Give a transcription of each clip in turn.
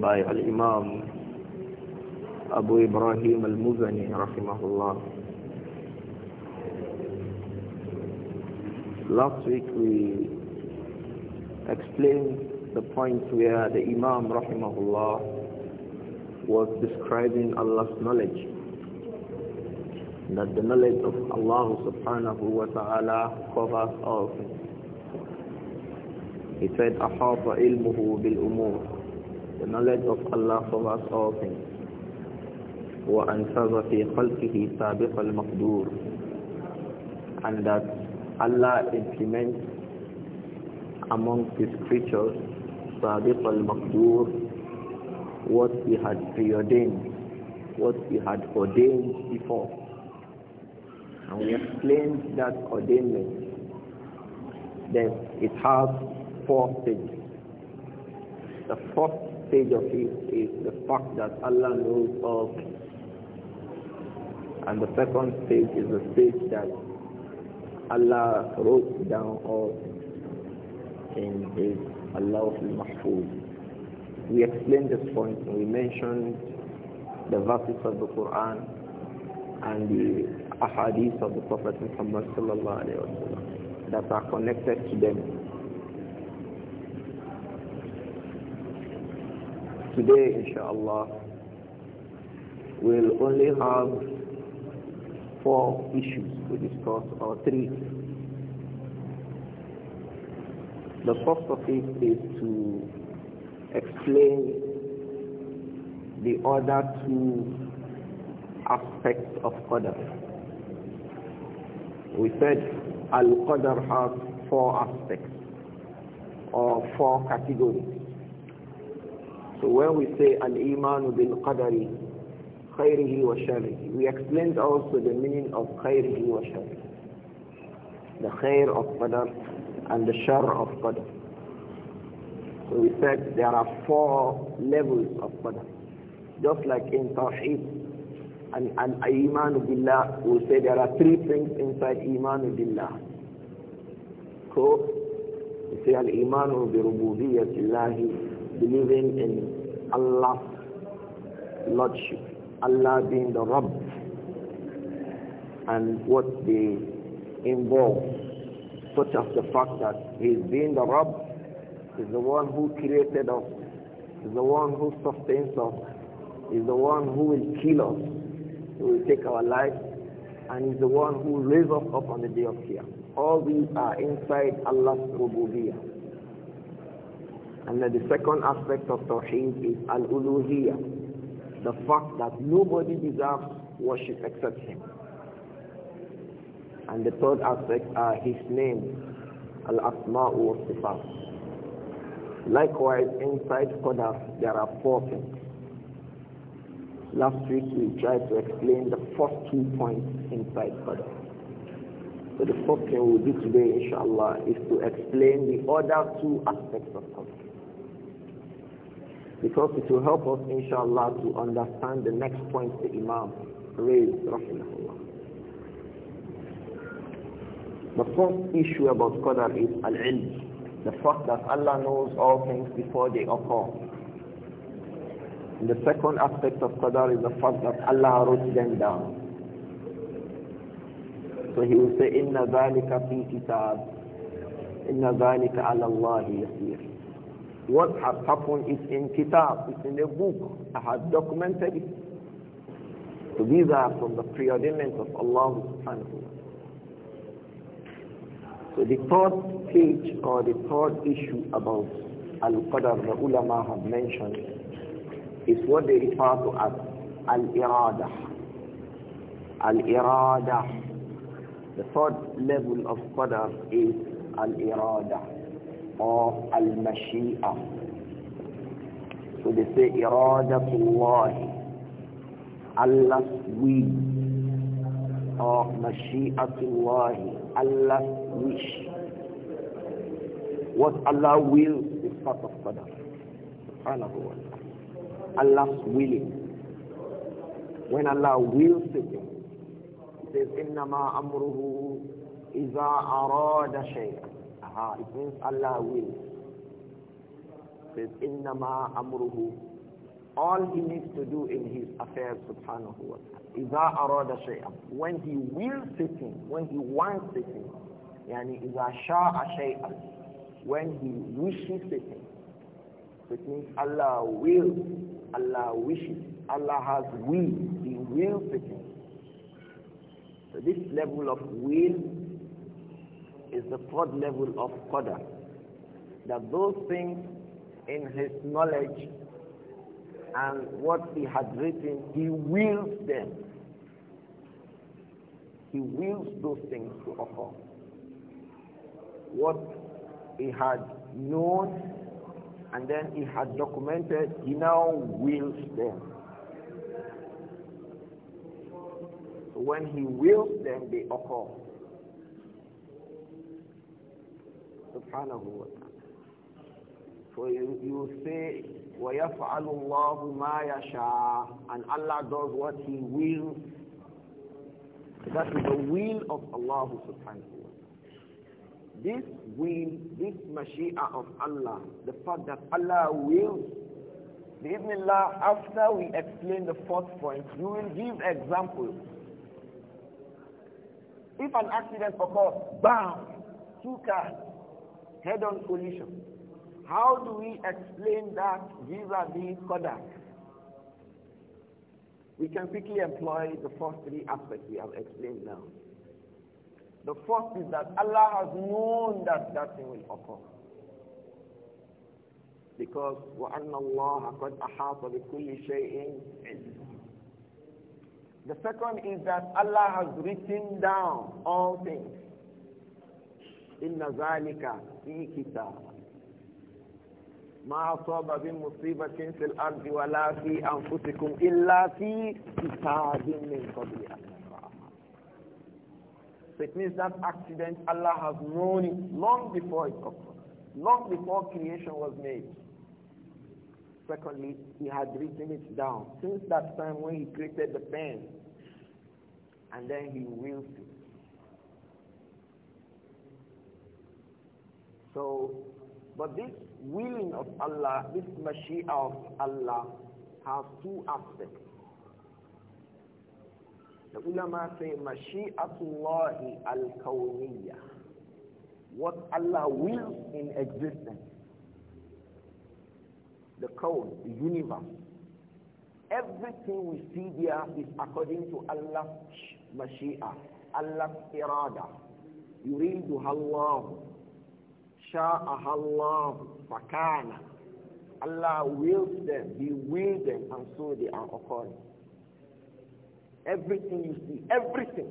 by Al-Imam Abu Ibrahim Al-Muzani rahimahullah. Last week we explained the point where the Imam rahimahullah was describing Allah's knowledge that the knowledge of Allah subhanahu wa ta'ala covers all things he said, أَحَاطَ عِلْمُهُ بِالْأُمُورِ The knowledge of Allah covers all things. وأنفذ في خلقه سابق المقدور and that Allah implements among his creatures سابق المقدور what he had preordained what he had ordained before and we explained that ordainment Then it has four stages. The first stage of it is the fact that Allah knows all things. And the second stage is the stage that Allah wrote down all in His Allah al-Mahfuz. We explained this point and we mentioned the verses of the Quran and the ahadith of the Prophet Muhammad sallallahu that are connected to them Today, inshallah, we'll only have four issues to discuss, or three. The first of it is to explain the other two aspects of Qadr. We said Al-Qadr has four aspects or four categories. So when we say al-iman bil qadari khayrihi wa sharrihi, we explained also the meaning of khayrihi wa sharrihi. The khayr of qadar and the shar of qadar. So we said there are four levels of qadar. Just like in tawheed and, al iman billah, we say there are three things inside iman billah. So we say al-iman bi rububiyyati believing in Allah's lordship, Allah being the Rabb, and what they involve, such as the fact that He is being the Rabb, is the one who created us, is the one who sustains us, is the one who will kill us, who will take our life, and is the one who raises us up on the day of fear. All these are inside Allah's rububiyah. And then the second aspect of Tawheed is Al-Uluhiyya, the fact that nobody deserves worship except Him. And the third aspect are His name, Al-Asma'u wa Sifat. Likewise, inside Qadar, there are four things. Last week we tried to explain the first two points inside Qadar. So the first thing we'll do today, inshallah, is to explain the other two aspects of Qadar because it will help us inshallah to understand the next point the Imam raised rahimahullah. The first issue about Qadar is al-ilm, the fact that Allah knows all things before they occur. And the second aspect of Qadar is the fact that Allah wrote them down. So he will say, "Inna ذَلِكَ فِي كِتَابٍ إِنَّ ذَلِكَ عَلَى اللَّهِ يَسِيرٌ what has happened is in kitab, it's in a book. I have documented it. So these are from the preordainment of Allah subhanahu So the third page or the third issue about Al-Qadr the ulama have mentioned is what they refer to as Al-Irada. Al-Irada. The third level of Qadr is Al-Irada. or al mashia So they say iradatullah, Allah's will, or mashi'atullah, Allah's wish. What Allah will is part of qadar. Allah's willing. When Allah wills it, He says, إِنَّمَا أَمْرُهُ إِذَا أَرَادَ شَيْئًا Aha, it means Allah will. Says, ma amruhu. All he needs to do in his affairs, subhanahu wa ta'ala. arada shay'an. When he wills something, when he wants something, thing. Yani, iza sha'a shay'an. When he wishes something, it means Allah will. Allah wishes. Allah has will. He wills it. So this level of will is the third level of qadar. That those things in his knowledge and what he had written, he wills them. He wills those things to occur. What he had known and then he had documented, he now wills them. So when he wills them, they occur. subhanahu wa ta'ala. So you, you say, وَيَفْعَلُ اللَّهُ مَا يَشَاءُ And Allah does what He wills. That is the will of Allah subhanahu wa ta'ala. This will, this mashia of Allah, the fact that Allah wills, الله. after we explain the fourth point, we will give examples. If an accident occurs, bam, two cars, head-on collision. How do we explain that vis-a-vis Kodak? We can quickly employ the first three aspects we have explained now. The first is that Allah has known that that thing will occur. Because وَأَنَّ اللَّهَ قَدْ أَحَاطَ بِكُلِّ شَيْءٍ The second is that Allah has written down all things. إِنَّ ذَلِكَ في كتاب ما أصاب من مصيبة في الأرض ولا في أنفسكم إلا في كتاب من قبل أن So it means that accident, Allah has known it long before it occurred, long before creation was made. Secondly, He had written it down since that time when He created the pen, and then He wills it. So, but this willing of Allah, this mashia of Allah has two aspects. The ulama say mashi'atullahi al-kawniyya. What Allah wills in existence. The kawn, the universe. Everything we see there is according to Allah's mashia, Allah's irada. to Allah. شَاءَهَا اللَّهُ Allah wills them, He wills them, and so they are according. Everything you see, everything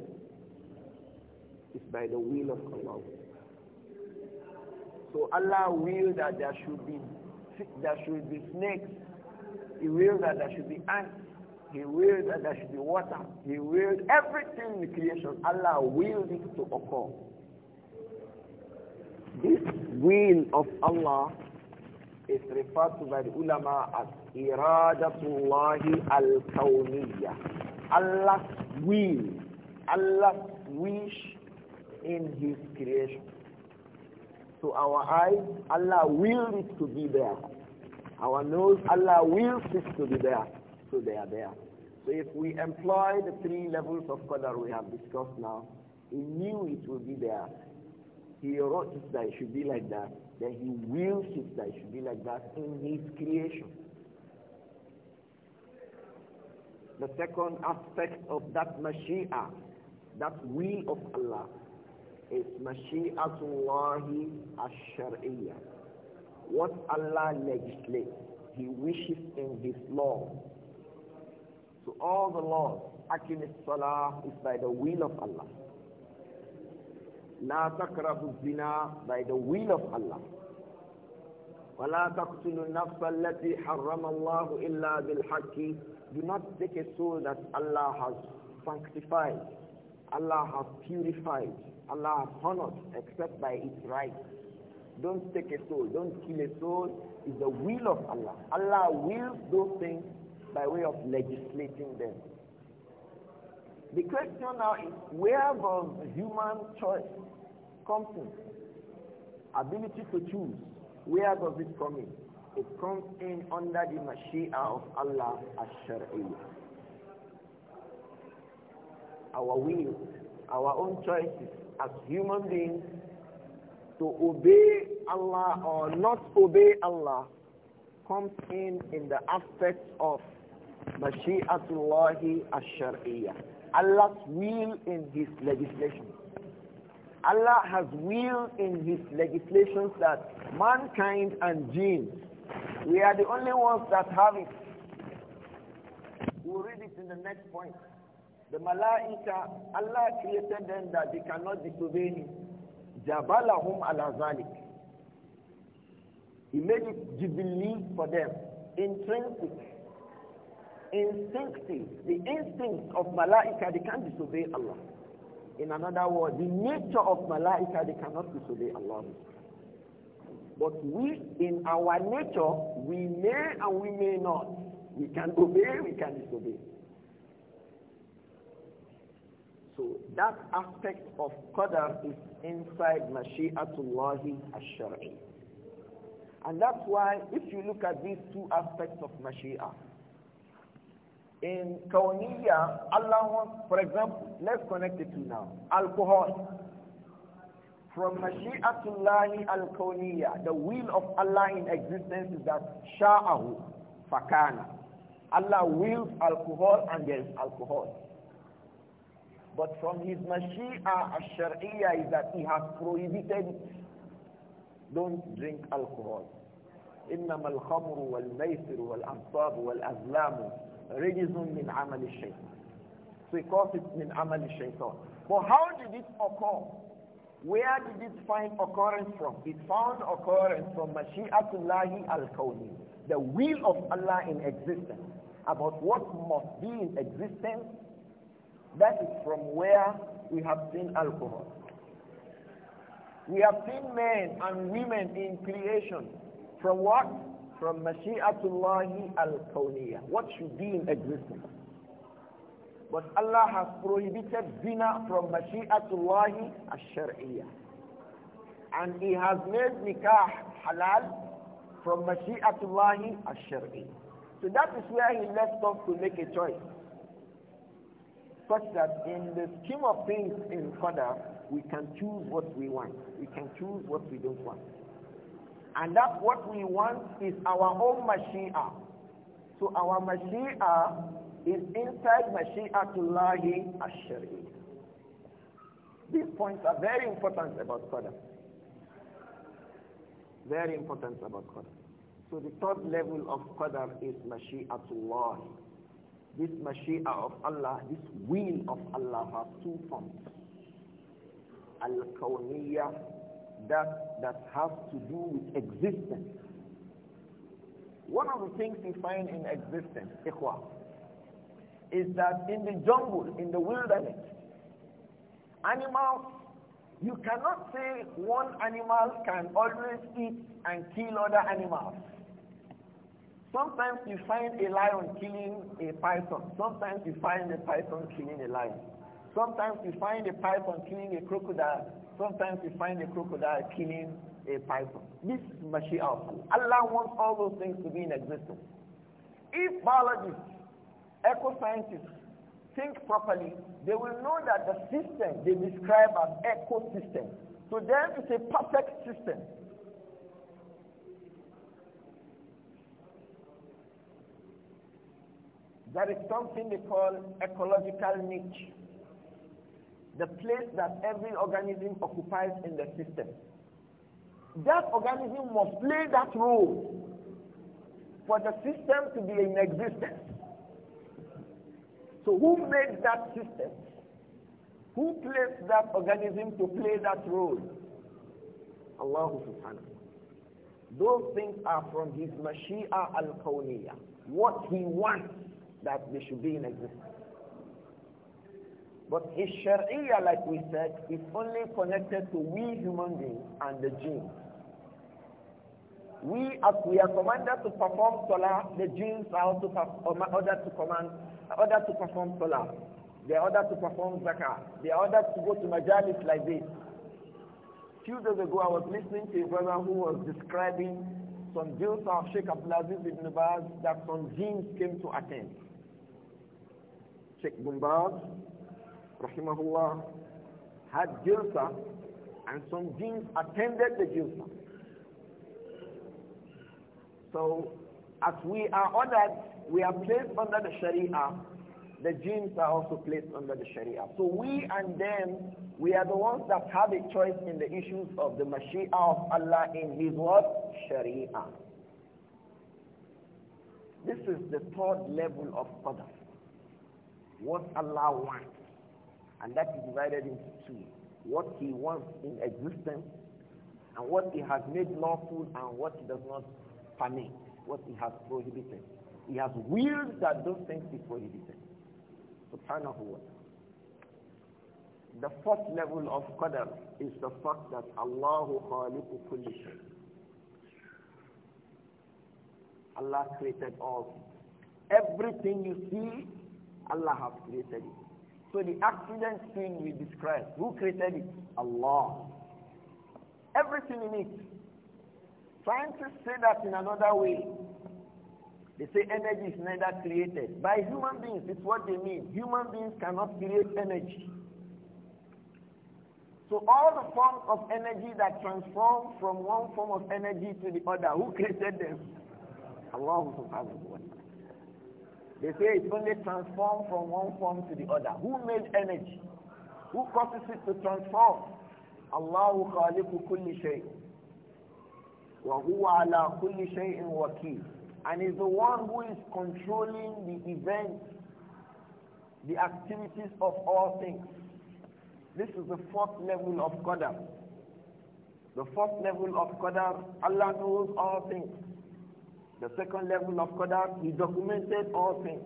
is by the will of Allah. So Allah will that there should be there should be snakes. He wills that there should be ants. He wills that there should be water. He wills everything in creation. Allah willed it to occur. This will of Allah is referred to by the ulama as iradatullahi al-kawniyya. Allah's will, Allah's wish in his creation. So our eyes, Allah will it to be there. Our nose, Allah wills it to be there. So they are there. So if we employ the three levels of color we have discussed now, he knew it will be there. He wrote it that it should be like that. Then he wills it that it should be like that in his creation. The second aspect of that mashia, that will of Allah, is mashi'atullahi ash-shar'iyya. What Allah legislates, He wishes in His law. So all the laws, akim is by the will of Allah. لا تقربوا الزنا by the will of Allah ولا تقتلوا النفس التي حرم الله إلا بالحق do not take a soul that Allah has sanctified Allah has purified Allah has honored except by its right don't take a soul don't kill a soul is the will of Allah Allah wills those things by way of legislating them the question now is where does human choice comes in. Ability to choose. Where does it come in? It comes in under the Mashia of Allah Ash-Shar'iyyah. Our will, our own choices as human beings to obey Allah or not obey Allah comes in in the aspect of Mashi'atullahi Ash-Shar'iyyah. Allah's will in His legislation. Allah has willed in his legislations that mankind and jinn, we are the only ones that have it. We'll read it in the next point. The Malaika, Allah created them that they cannot disobey him. Jabalahum ala zalik. He made it jubilee for them, intrinsic, instinctive, the instinct of Malaika, they can't disobey Allah. In another word, the nature of malaika, they cannot disobey Allah. But we, in our nature, we may and we may not. We can obey, we can disobey. So that aspect of qadar is inside mashi'atullah ash-shar'i. And that's why if you look at these two aspects of mashi'ah, in Kauniya, Allah wants, for example, let's connect it to now. Alcohol. From Mashi'atullahi al-Kauniya, the will of Allah in existence is that Sha'ahu, Fakana. Allah wills alcohol and there is alcohol. But from his Mashi'a al-Shar'iyya is that he has prohibited Don't drink alcohol. إنما الخمر والميسر والأنصاب والأزلام Rejizun min amal So he calls it min amal So, But how did it occur? Where did it find occurrence from? It found occurrence from Mashi'atullahi al-Kawni, the will of Allah in existence, about what must be in existence. That is from where we have seen alcohol. We have seen men and women in creation from what? from Mashi'atullahi al-Kawniyah, what should be in existence. But Allah has prohibited zina from Mashi'atullahi al-Shar'iyah. And He has made nikah halal from Mashi'atullahi al-Shar'iyah. So that is where He left us to make a choice. Such that in the scheme of things in Qadr, we can choose what we want. We can choose what we don't want. And that what we want is our own Mashiach. So our Mashiach is inside as Ashari. These points are very important about Qadr. Very important about Qadr. So the third level of Qadr is Mashi'atullah. This Mashi'a of Allah, this will of Allah has two forms. Al-Kawniyya that that has to do with existence. One of the things we find in existence, ikhwa, is that in the jungle, in the wilderness, animals, you cannot say one animal can always eat and kill other animals. Sometimes you find a lion killing a python. Sometimes you find a python killing a lion. Sometimes you find a python killing a crocodile Sometimes you find a crocodile killing a python. This is Mashiach. Allah wants all those things to be in existence. If biologists, eco-scientists think properly, they will know that the system they describe as ecosystem, to them it's a perfect system. There is something they call ecological niche the place that every organism occupies in the system. That organism must play that role for the system to be in existence. So who made that system? Who placed that organism to play that role? Allah subhanahu. Those things are from his Mashi'a al-Kawniyah. What he wants that they should be in existence. But his sharia, like we said, is only connected to we human beings and the jinns. We, as we are commanded to perform salah, the jinns are also um, ordered to command, ordered to perform salah. They are ordered to perform zakah. They are ordered to go to majalis like this. Few days ago, I was listening to a brother who was describing some deals of Sheikh Abdulaziz ibn Baz that some jinns came to attend. Sheikh Bumbaz, rahimahullah, had Jilsa and some jinns attended the Jilsa. So as we are ordered, we are placed under the Sharia. The jinns are also placed under the Sharia. So we and them, we are the ones that have a choice in the issues of the Mashiach of Allah in His word, Sharia. This is the third level of qadr. What Allah wants. And that is divided into two. What he wants in existence and what he has made lawful and what he does not permit, what he has prohibited. He has willed that those things be prohibited. Subhanahu wa ta'ala. The fourth level of qadar is the fact that Allahu khaliqu kulli Allah created all Everything you see, Allah has created it. So the accident thing we described, who created it? Allah. Everything in it. Scientists say that in another way. They say energy is neither created. By human beings, it's what they mean. Human beings cannot create energy. So all the forms of energy that transform from one form of energy to the other, who created them? Allah subhanahu wa ta'ala. They say it only transforms from one form to the other. Who made energy? Who causes it to transform? Allahu khaliqu kulli shay. Wa huwa ala kulli shay'in wakil. And is the one who is controlling the events, the activities of all things. This is the fourth level of Qadar. The fourth level of Qadar, Allah knows all things. The second level of Qadar, he documented all things.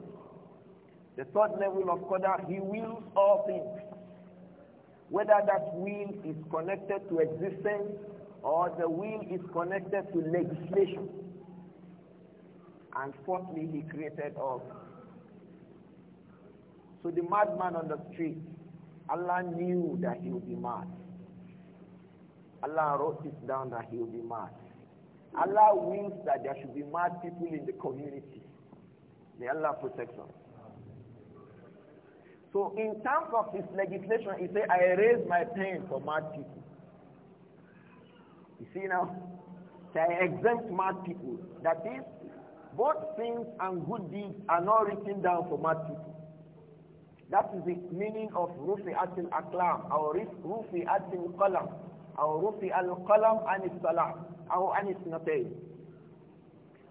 The third level of Qadar, he wills all things. Whether that will is connected to existence or the will is connected to legislation. And fourthly, he created all. So the madman on the street, Allah knew that he would be mad. Allah wrote it down that he would be mad. Allah wills that there should be mad people in the community. May Allah protect us. So in terms of his legislation, he said, I raise my pain for mad people. You see now? So I exempt mad people. That is, both sins and good deeds are not written down for mad people. That is the meaning of Rufi Atil Aklam, or Rufi Atil Qalam, or Rufi Al Qalam and Salam. أو عن اثنتين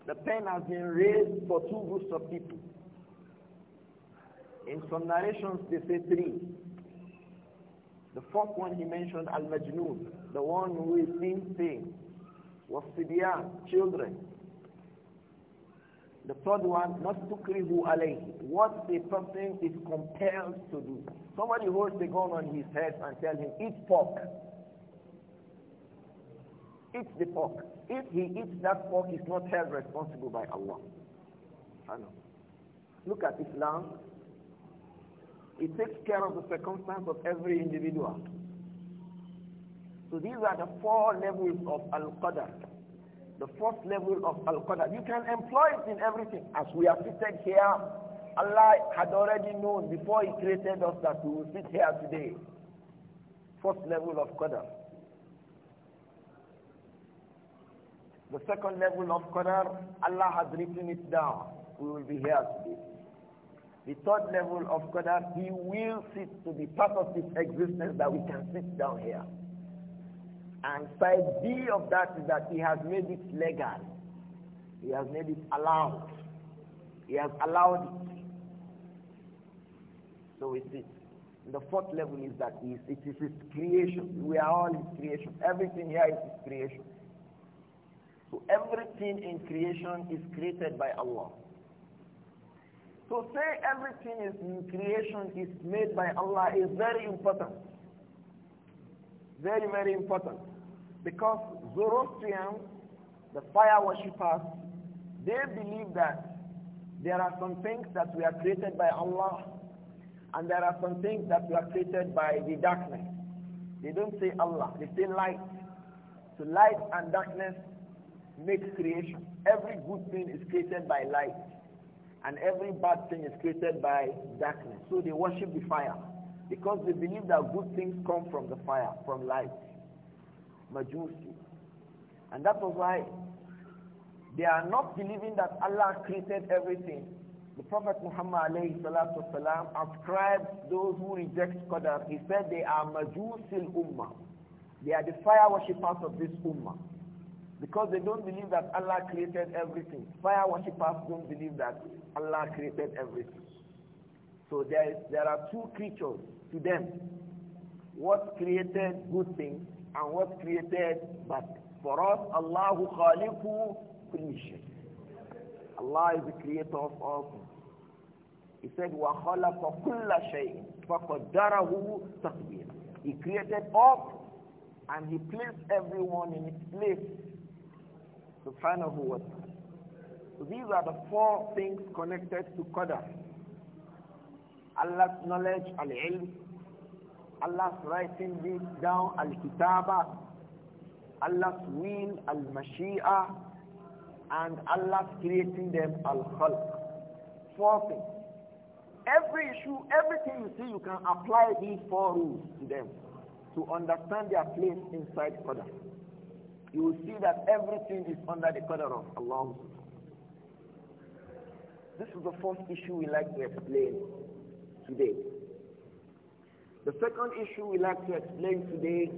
The pen has been raised for two groups of people. In some narrations they say three. The fourth one he mentioned, Al-Majnun, the one who is seen thing, was Sidiyan, children. The third one, not who alayhi, what a person is compelled to do. Somebody holds the gun on his head and tells him, eat pork eats the pork. If he eats that pork, he's not held responsible by Allah. Look at Islam. It takes care of the circumstance of every individual. So these are the four levels of Al-Qadr. The first level of Al-Qadr. You can employ it in everything. As we are seated here, Allah had already known before He created us that we will sit here today. First level of Qadr. The second level of Qadar, Allah has written it down. We will be here today. The third level of Qadar, He wills it to be part of this existence that we can sit down here. And side B of that is that He has made it legal. He has made it allowed. He has allowed it. So it is. The fourth level is that it is His creation. We are all His creation. Everything here is His creation. So everything in creation is created by Allah. So say everything is in creation is made by Allah is very important. Very, very important. Because Zoroastrians, the fire worshippers, they believe that there are some things that were created by Allah and there are some things that were created by the darkness. They don't say Allah, they say light. So light and darkness makes creation. Every good thing is created by light, and every bad thing is created by darkness. So they worship the fire because they believe that good things come from the fire, from light. Majusi. And that was why they are not believing that Allah created everything. The Prophet Muhammad والسلام, ascribes those who reject Qadar. He said they are Majusil Ummah. They are the fire worshippers of this Ummah. Because they don't believe that Allah created everything. Fire worshippers don't believe that Allah created everything. So there, is, there are two creatures to them. What created good things and what created bad. For us, Allah khaliqu kulli Allah is the creator of all things. He said, وَخَلَقَ كُلَّ شَيْءٍ فَقَدَّرَهُ تَقْدِيرًا He created all and he placed everyone in its place subhanahu wa ta'ala. So these are the four things connected to Qadr. Allah's knowledge, al-ilm, Allah's writing this down, al-kitaba, Allah's will, al-mashi'a, and Allah's creating them, al-khalq. Four things. Every issue, everything you see, you can apply these four rules to them to understand their place inside Qadr you will see that everything is under the cover of Allah. This is the first issue we like to explain today. The second issue we like to explain today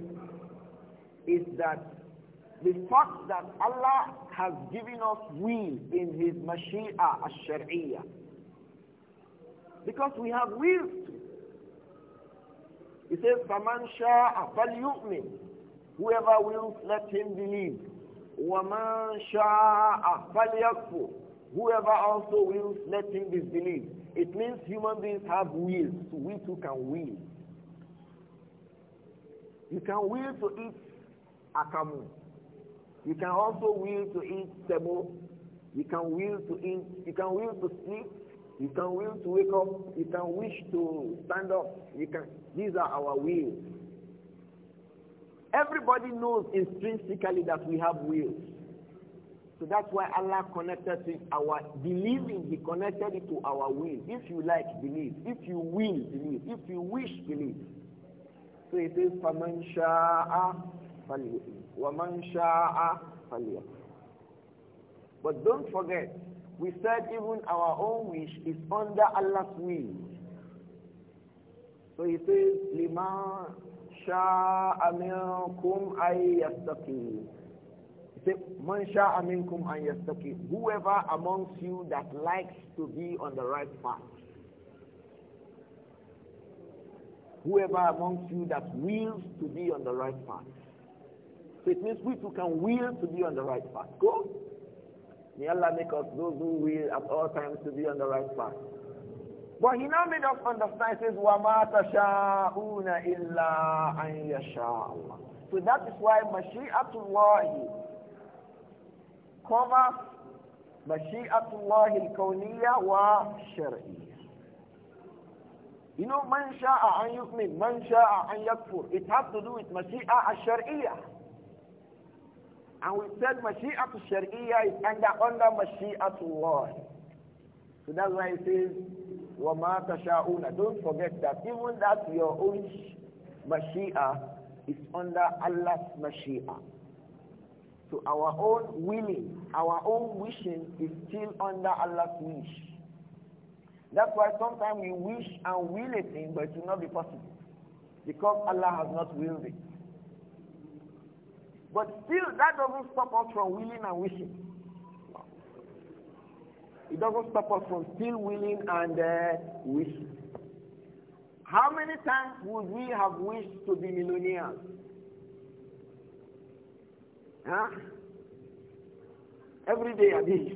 is that the fact that Allah has given us will in His Mashi'a al-Shari'iyya. Because we have will to. He says, فَمَنْ شَاءَ فَلْيُؤْمِنْ Whoever wills, let him believe. وَمَنْ شَاءَ Whoever also wills, let him disbelieve. It means human beings have wills. So we too can will. You can will to eat akamu. You can also will to eat sebo. You can will to eat. You can will to sleep. You can will to wake up. You can wish to stand up. You can. These are our wills. Everybody knows intrinsically that we have wills. So that's why Allah connected to our believing, He connected it to our will. If you like, believe. If you will, believe. If you wish, believe. So it says, فَمَنْ شَاءَ فَلْيُؤْمِنْ وَمَنْ شَاءَ فَلْيَكْفُرْ But don't forget, we said even our own wish is under Allah's will. So he says, لِمَا شاء منكم أن يستقيم say, Man sha'a minkum an yastaqim. Whoever amongst you that likes to be on the right path. Whoever amongst you that wills to be on the right path. So it means we too can will to be on the right path. Go. May Allah make us those who will at all times to be on the right path. But he now made us understand, says, وَمَا تَشَاءُونَ إِلَّا Illa An اللَّهُ So that is why Mashi'atullah covers Mashi'atullah al kawniya wa Shar'iya. You know, man sha'a an yu'min, man sha'a an yakfur. It has to do with Mashi'a al And we said Mashi'at Shar'iya is under, under Mashi'atullah. So that's why it says, وَمَا تَشَاءُونَ Don't forget that even that your own mashia is under Allah's mashia. So our own willing, our own wishing is still under Allah's wish. That's why sometimes we wish and will a thing, but it will not be possible. Because Allah has not willed it. But still, that doesn't stop us from willing and wishing it doesn't stop us from still willing and uh, wishing. How many times would we have wished to be millionaires? Huh? Every day, I think.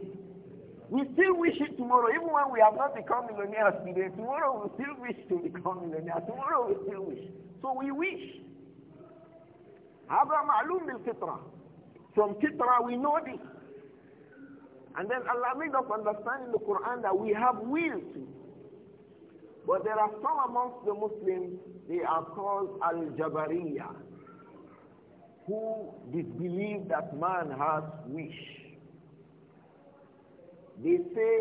We still wish it tomorrow, even when we have not become millionaires today. Tomorrow we still wish to become millionaires. Tomorrow we still wish. So we wish. From Kitra, we know this. And then Allah made us understand in the Quran that we have will to. But there are some amongst the Muslims, they are called Al-Jabariya, who disbelieve that man has wish. They say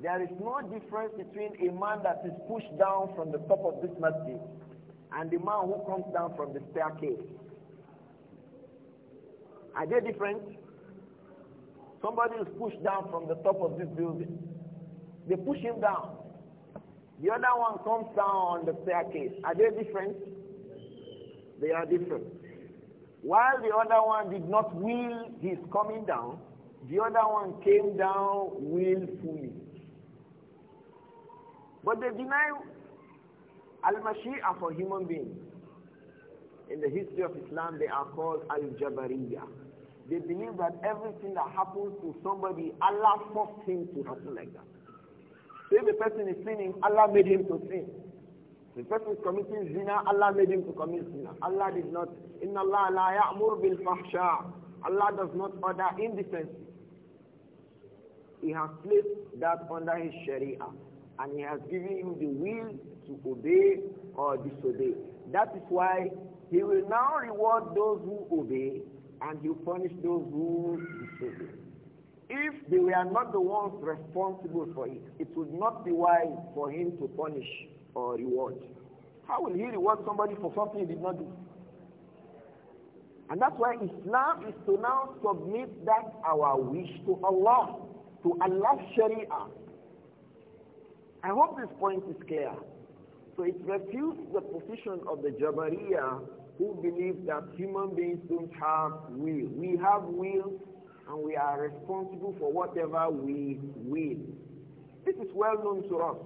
there is no difference between a man that is pushed down from the top of this masjid and the man who comes down from the staircase. Are they different? Somebody is pushed down from the top of this building. They push him down. The other one comes down on the staircase. Are they different? They are different. While the other one did not will his coming down, the other one came down willfully. But they deny al-mashi'a for human beings. In the history of Islam, they are called al-jabariyah. They believe that everything that happens to somebody, Allah forced him to happen like that. So if a person is sinning, Allah made him to sin. The person is committing zina, Allah made him to commit zina. Allah did not. Inna Allah la ya'mur bil fahsha. Allah does not order indecency. He has placed that under his sharia. And he has given you the will to obey or disobey. That is why he will now reward those who obey and you punish those who disobey. If they were not the ones responsible for it, it would not be wise for him to punish or reward. How will he reward somebody for something he did not do? And that's why Islam is to now submit that our wish to Allah, to Allah's Sharia. I hope this point is clear. So it refutes the position of the Jabariya who believe that human beings don't have will. We have will and we are responsible for whatever we will. This is well known to us.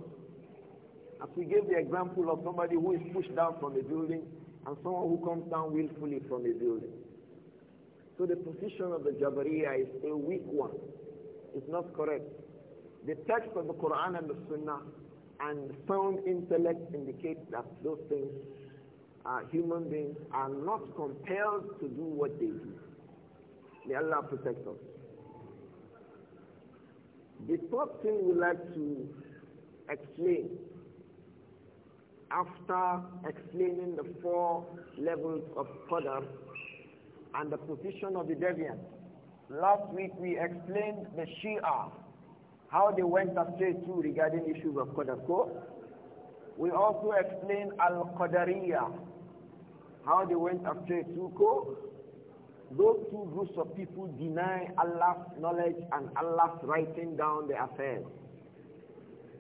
As we gave the example of somebody who is pushed down from a building and someone who comes down willfully from a building. So the position of the Jabariya is a weak one. It's not correct. The text of the Quran and the Sunnah and sound intellect indicate that those things human beings are not compelled to do what they do. May Allah protect us. The fourth thing we like to explain after explaining the four levels of Qadr and the position of the deviant. Last week we explained the Shia, how they went astray too regarding issues of Qadr. We also explained Al-Qadariyah, how they went after Tuko, those two groups of people deny Allah's knowledge and Allah's writing down the affairs.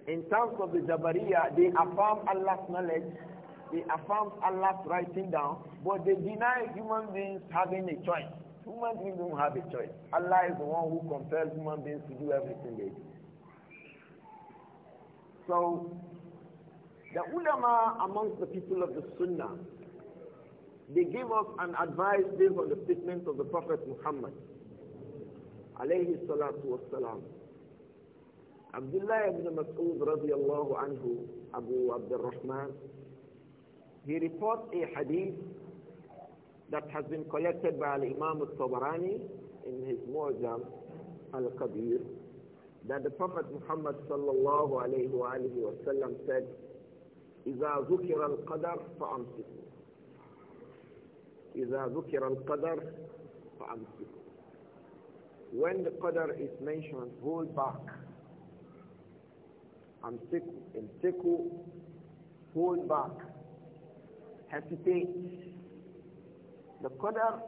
In terms of the Jabariya, they affirm Allah's knowledge, they affirm Allah's writing down, but they deny human beings having a choice. Human beings don't have a choice. Allah is the one who compels human beings to do everything they do. So, the ulama amongst the people of the Sunnah, they give us an advice based on the statement of the Prophet Muhammad. Alayhi salatu wassalam. Abdullah ibn Mas'ud radiallahu anhu, Abu Abdurrahman, he reports a hadith that has been collected by imam al-Tabarani in his Mu'jam al-Kabir that the Prophet Muhammad sallallahu alayhi wa said, wa sallam said, إِذَا ذُكِرَ الْقَدَرْ فَأَمْسِكُوا إذا ذكر القدر فأمسكوا when the Qadar is mentioned hold back أمسكوا امسكوا hold back hesitate the Qadar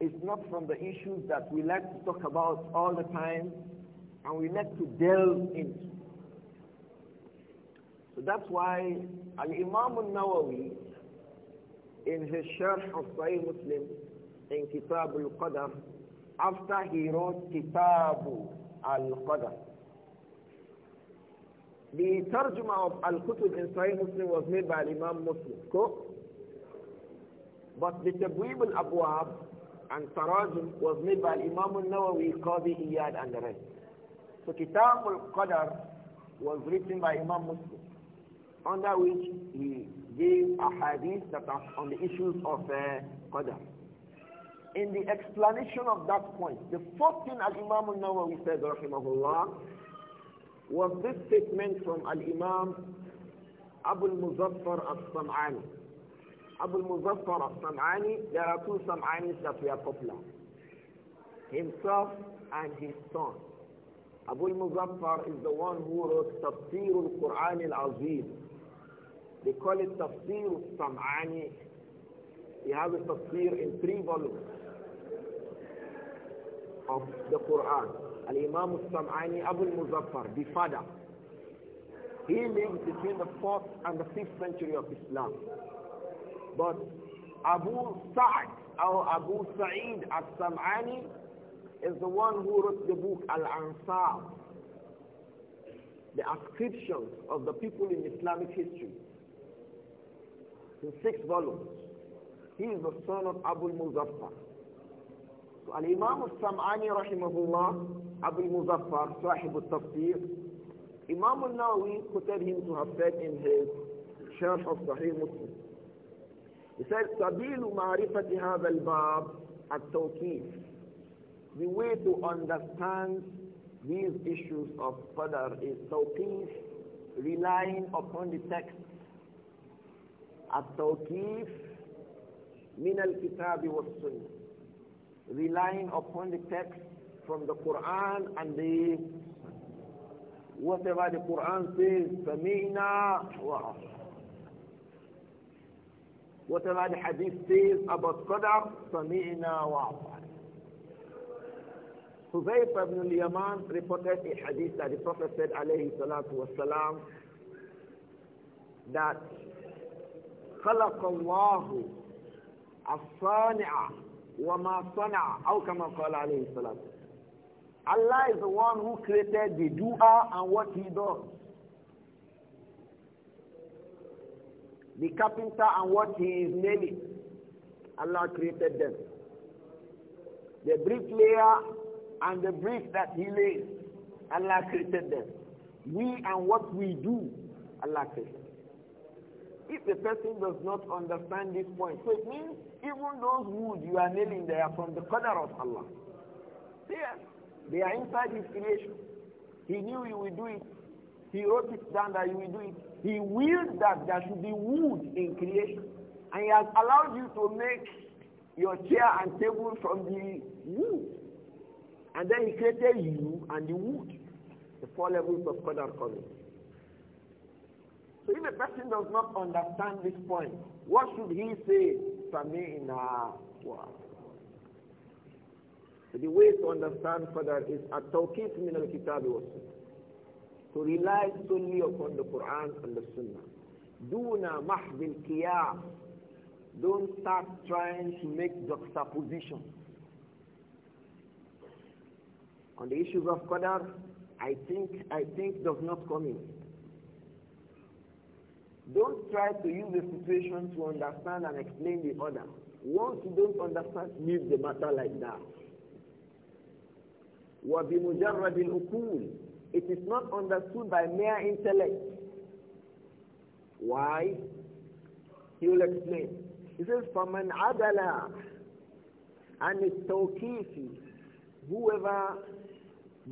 is not from the issues that we like to talk about all the time and we like to delve into so that's why Al-Imam al-Nawawi in his Sharh of Sahih Muslim in Kitab al-Qadr after he wrote Kitab al-Qadr. The tarjuma of Al-Qutb in Sahih Muslim was made by Imam Muslim. But the Tabweeb al-Abwab and Tarajim was made by Imam al-Nawawi, Qadi Iyad and the rest. So Kitab al-Qadr was written by Imam Muslim under which he gave ahadith that are on the issues of uh, In the explanation of that point, the first thing Al-Imam al-Nawawi said, rahimahullah, was this statement from Al-Imam Abu al-Muzaffar al-Sam'ani. Abu al-Muzaffar al-Sam'ani, there are two Sam'anis that were popular. Himself and his son. Abu al-Muzaffar is the one who wrote Tafsir al-Qur'an al-Azim. They call it Tafsir Sam'ani. He has a Tafsir in three volumes of the Quran. Al-Imam Sam'ani Abu Muzaffar, the father. He lived between the 4th and the 5th century of Islam. But Abu Sa'd or Abu Sa'id al-Sam'ani is the one who wrote the book Al-Ansar, the ascriptions of the people in Islamic history in six volumes. He is the son of Abu Muzaffar. So Al Imam al-Sam'ani rahimahullah, Abu Muzaffar, Sahib al-Tafsir, Imam al-Nawawi quoted him to have said in his Sharh of Sahih Muslim. He said, سبيل معرفة هذا at التوكيد. The way to understand these issues of qadar is tawqif, relying upon the text التوقيف من الكتاب والسنة relying upon the text from the Quran and the whatever the Quran says سمعنا وعصر whatever the hadith says about qadar سمعنا وعصر Huzayf ibn al-Yaman reported a hadith that the Prophet said alayhi salatu wasalam that خلق الله الصانع وما صنع أو كما قال عليه السلام Allah is the one who created the dua and what he does. The carpenter and what he is nailing. Allah created them. The bricklayer and the brick that he lays. Allah created them. We and what we do. Allah created if the person does not understand this point, so it means even those wood you are nailing, they are from the corner of Allah. See, they are inside His creation. He knew He would do it. He wrote it down that He will do it. He willed that there should be wood in creation. And He has allowed you to make your chair and table from the wood. And then He created you and the wood. The four levels of qadar coming. So if a person does not understand this point, what should he say? to me in our So the way to understand further is a tawqif min al-kitab wa To rely solely upon the Quran and the Sunnah. Duna mahdil qiyas. Don't start trying to make juxtaposition. On the issues of qadar, I think, I think does not come in. Don't try to use the situation to understand and explain the other. Once you don't understand, leave the matter like that. وَبِمُجَرَّدِ الْعُقُولِ It is not understood by mere intellect. Why? He will explain. He says, فَمَنْ and a التَّوْكِيفِ Whoever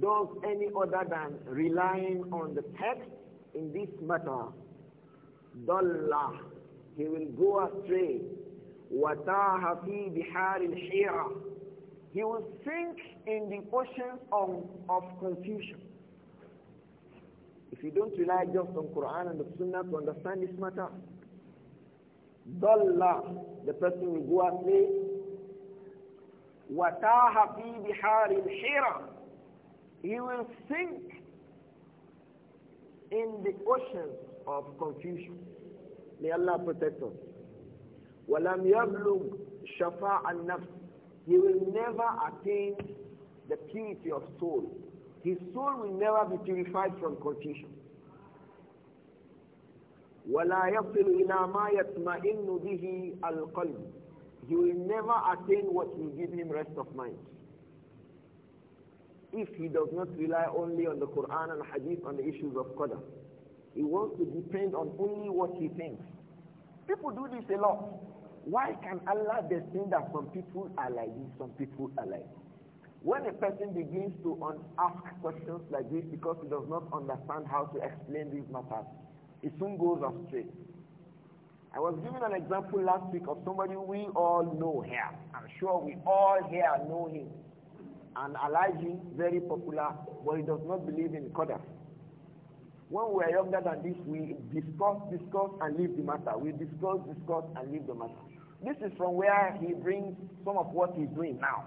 does any other than relying on the text in this matter, Dalla. He will go astray. وَتَاهَ bihar بِحَارِ He will sink in the ocean of, of confusion. If you don't rely just on Quran and the Sunnah to understand this matter, Dalla, the person will go astray. وَتَاهَ bihar بِحَارِ He will sink in the ocean of confusion. May Allah protect us. وَلَمْ يَبْلُغْ شَفَاءَ النَّفْسِ He will never attain the purity of soul. His soul will never be purified from confusion. وَلَا يَصِلُ إِلَى ma يَطْمَئِنُّ بِهِ الْقَلْبِ He will never attain what will give him rest of mind. If he does not rely only on the Quran and Hadith on the issues of Qadr. He wants to depend on only what he thinks. People do this a lot. Why can Allah descend that some people are like this, some people are like this? When a person begins to ask questions like this because he does not understand how to explain these matters, it soon goes astray. I was giving an example last week of somebody we all know here. I'm sure we all here know him. And Elijah, very popular, but he does not believe in Qadar. When we were younger than this, we discuss, discuss, and leave the matter. We discuss, discuss, and leave the matter. This is from where he brings some of what he's doing now.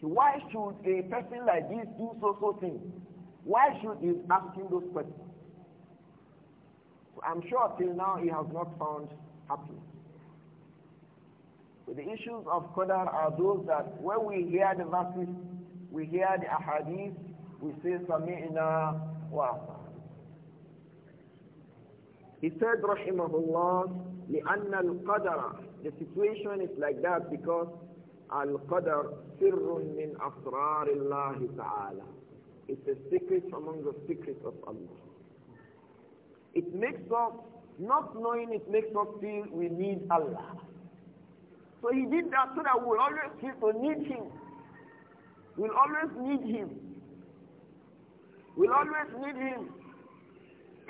why should a person like this do so so thing? Why should he asking those questions? I'm sure till now he has not found happiness. the issues of Qadar are those that when we hear the verses, we hear the ahadith, we say, Sami'na he said, Rahimahullah, لأن القدر The situation is like that because القدر سر من أسرار الله تعالى It's a secret among the secrets of Allah. It makes us, not knowing it makes us feel we need Allah. So he did that so that we'll always feel to need him. We'll always need him we will always need him.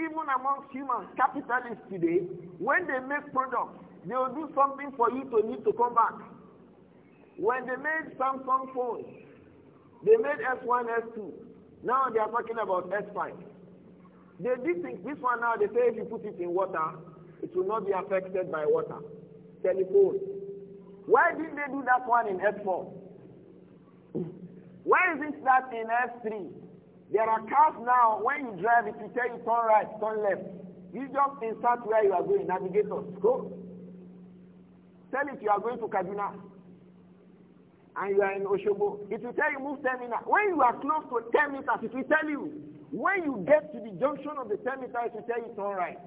Even amongst humans, capitalists today, when they make products, they will do something for you to need to come back. When they made Samsung phones, they made S1, S2. Now they are talking about S5. They did think this one now, they say if you put it in water, it will not be affected by water. Telephone. Why didn't they do that one in S4? Why isn't that in S3? There are cars now, when you drive, it will tell you turn right, turn left. You just insert where you are going, navigator, go. Tell it you are going to Kaduna and you are in Oshobo. It will tell you move 10 meters. When you are close to 10 meters, it will tell you. When you get to the junction of the 10 meters, it will tell you turn right.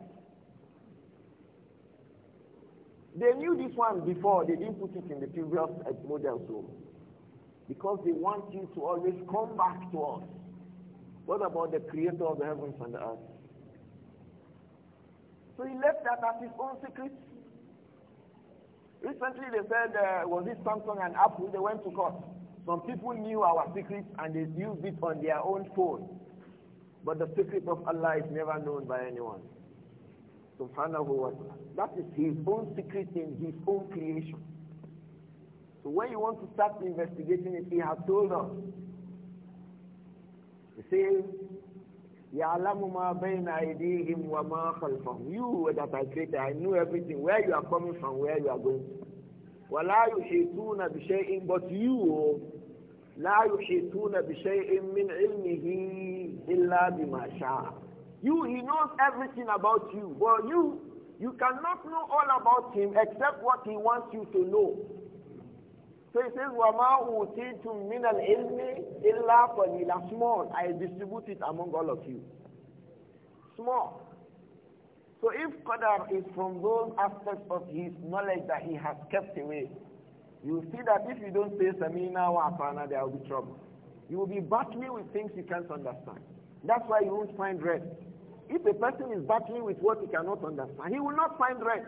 They knew this one before. They didn't put it in the previous model, so because they want you to always come back to us. What about the creator of the heavens and the earth? So he left that as his own secret. Recently they said, uh, was it Samsung and Apple? They went to court. Some people knew our secrets and they used it on their own phone. But the secret of Allah is never known by anyone. Subhanahu wa ta'ala. That is his own secret in his own creation. So when you want to start investigating it, he has told us saying, يَعْلَمُ مَا him wa وَمَا from You that I created, I knew everything, where you are coming from, where you are going to. وَلَا يُحِيطُونَ بِشَيْءٍ But you, لَا يُحِيطُونَ بِشَيْءٍ مِّنْ عِلْمِهِ إِلَّا بِمَا You, he knows everything about you. But you, you cannot know all about him except what he wants you to know. So he says, "Wama وَمَا أُوتِيتُم elmi الْعِلْمِ إِلَّا la Small, I distribute it among all of you. Small. So if Qadar is from those aspects of his knowledge that he has kept away, you see that if you don't say Samina wa Afana, there will be trouble. You will be battling with things you can't understand. That's why you won't find rest. If a person is battling with what he cannot understand, he will not find rest.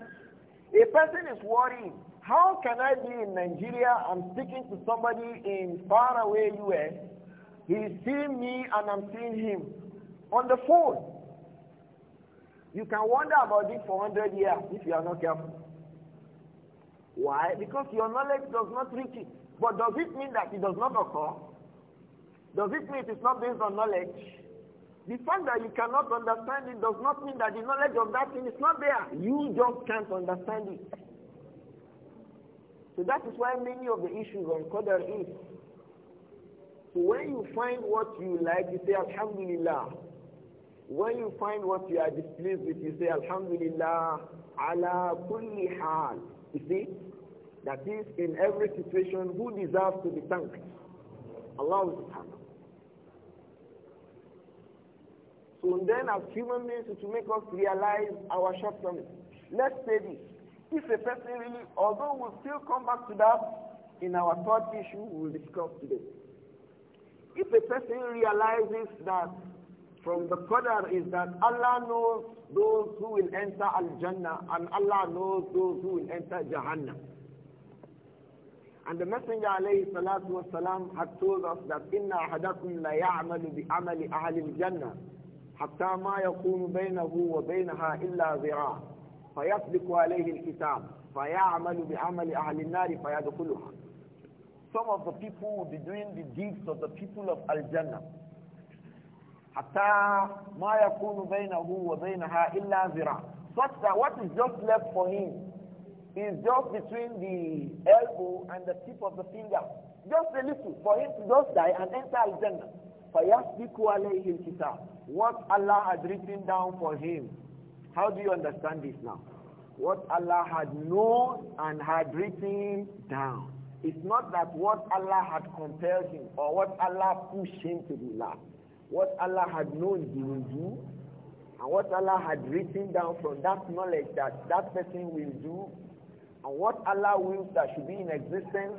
A person is worrying how can I be in Nigeria, I'm speaking to somebody in far away US, he's seeing me and I'm seeing him on the phone. You can wonder about this for 100 years if you are not careful. Why? Because your knowledge does not reach it. But does it mean that it does not occur? Does it mean it is not based on knowledge? The fact that you cannot understand it does not mean that the knowledge of that thing is not there. You just can't understand it. So that is why many of the issues on Qadr is. So when you find what you like, you say Alhamdulillah. When you find what you are displeased with, you say Alhamdulillah ala kulli hal. You see? That is, in every situation, who deserves to be thanked? Allah subhanahu. So then as human beings, it will make us realize our shortcomings. Let's say this. If a person really, although we'll still come back to that in our third issue we'll discuss today. If a person realizes that from the Qadr is that Allah knows those who will enter Al-Jannah and Allah knows those who will enter Jahannam. And the Messenger alayhi salatu wasalam had told us that إِنَّ أَحَدَكُمْ لَيَعْمَلُ بِعَمَلِ أَهْلِ الْجَنَّةِ حَتَّى مَا يَكُونُ بَيْنَهُ وَبَيْنَهَا إِلَّا ذِرَاعٌ some of the people will be doing the deeds of the people of Al-Jannah. حتى ما يكون بينه وبينها illa zira. Such that what is just left for him is just between the elbow and the tip of the finger. Just a little for him to just die and enter Al-Jannah. فيسبق عليه الكتاب. What Allah has written down for him how do you understand this now? What Allah had known and had written down. It's not that what Allah had compelled him or what Allah pushed him to do last. What Allah had known he will do and what Allah had written down from that knowledge that that person will do and what Allah wills that should be in existence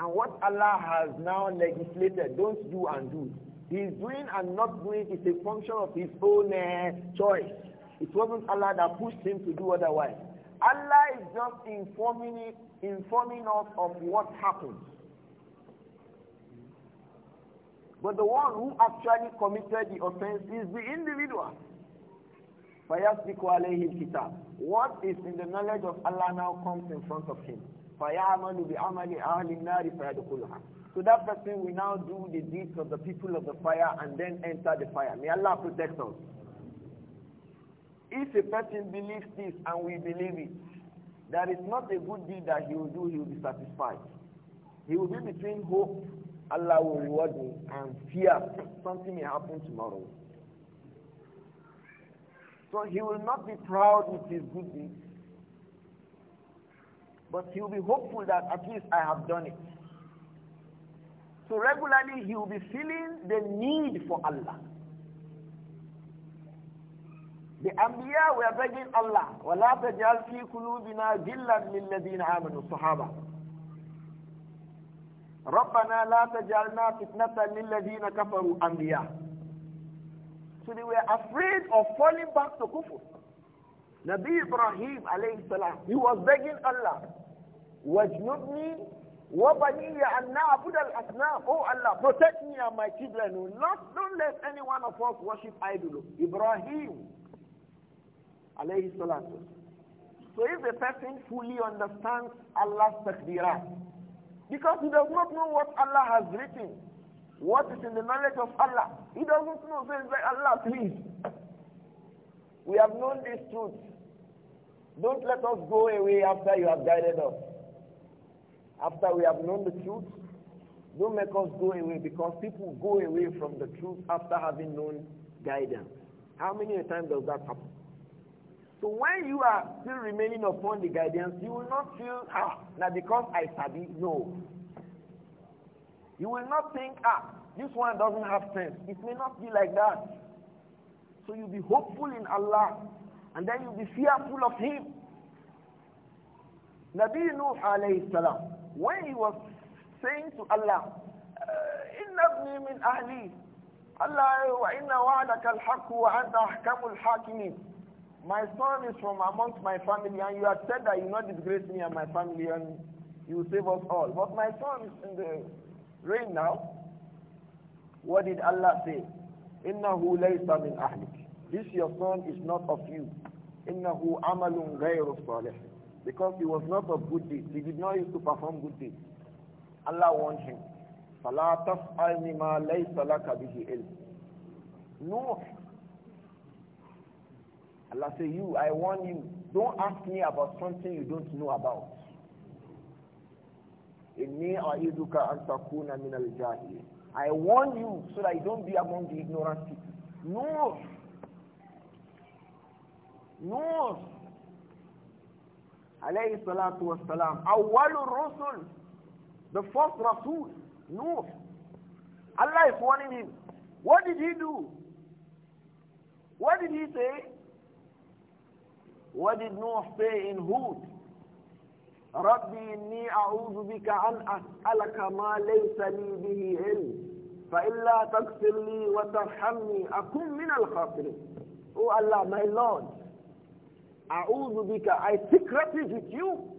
and what Allah has now legislated, don't do and do. His doing and not doing is a function of his own uh, choice. It wasn't Allah that pushed him to do otherwise. Allah is just informing, informing us of what happened. But the one who actually committed the offense is the individual. فَيَسْبِكُ عَلَيْهِ الْكِتَابِ What is in the knowledge of Allah now comes in front of him. فَيَعْمَلُ بِعَمَلِ أَهْلِ النَّارِ فَيَدْخُلُهَا So that person will now do the deeds of the people of the fire and then enter the fire. May Allah protect us. If a person believes this and we believe it, there is not a good deed that he will do, he will be satisfied. He will be between hope, Allah will reward me, and fear, something may happen tomorrow. So he will not be proud with his good deeds. But he will be hopeful that at least I have done it. So regularly he will be feeling the need for Allah. The Anbiya were begging Allah, وَلَا تَجْعَلْ فِي قُلُوبِنَا جِلًّا لِلَّذِينَ amanu, Sahaba. رَبَّنَا لَا fitnatan فِتْنَةً لِلَّذِينَ kafaru Ambiya." So they were afraid of falling back to kufr. Nabi Ibrahim alayhi salam, he was begging Allah, وَاجْنُبْنِي وَبَنِيَّ أَنْ نَعْبُدَ الْأَصْنَامِ Oh Allah, protect me and my children. Not, don't let any one of us worship idol. Ibrahim alayhi salatu. So if the person fully understands Allah's takdirah, because he does not know what Allah has written, what is in the knowledge of Allah, he doesn't know, so he's like, Allah, please, we have known this truth. Don't let us go away after you have guided us. After we have known the truth, don't make us go away because people go away from the truth after having known guidance. How many times does that happen? So when you are still remaining upon the guidance, you will not feel, ah, now because I study, no. You will not think, ah, this one doesn't have sense. It may not be like that. So you'll be hopeful in Allah, and then you'll be fearful of Him. Nabi Nuh alayhi salam, when he was saying to Allah, إِنَّ eh, min ahli, Allah wa inna wa'adaka al-haqq wa anta ahkamul hakimin. My son is from amongst my family, and you have said that you not disgrace me and my family, and you save us all. But my son is in the rain now. What did Allah say? Innahu laysa min ahlik. This your son is not of you. Innahu amalun ghayru salih. Because he was not of good deeds. He did not used to perform good deeds. Allah warned him. فَلَا تَفْعَلْنِ مَا لَيْسَ لَكَ بِهِ إِلْمٍ Nuh Allah say, you, I warn you, don't ask me about something you don't know about. إِنِّي أَعِذُكَ أَن تَكُونَ مِنَ الْجَاهِلِينَ I warn you so that you don't be among the ignorant people. No. No. Alayhi salatu was salam. Awalu Rasul. The first Rasul. No. Allah is warning him. What did he do? What did he say? What did Noah say in Hud? ربي إني أعوذ بك أن أسألك ما ليس لي به علم فإلا تغفر لي وترحمني أكون من الخاسرين Oh Allah, my Lord, أعوذ بك, I seek refuge with you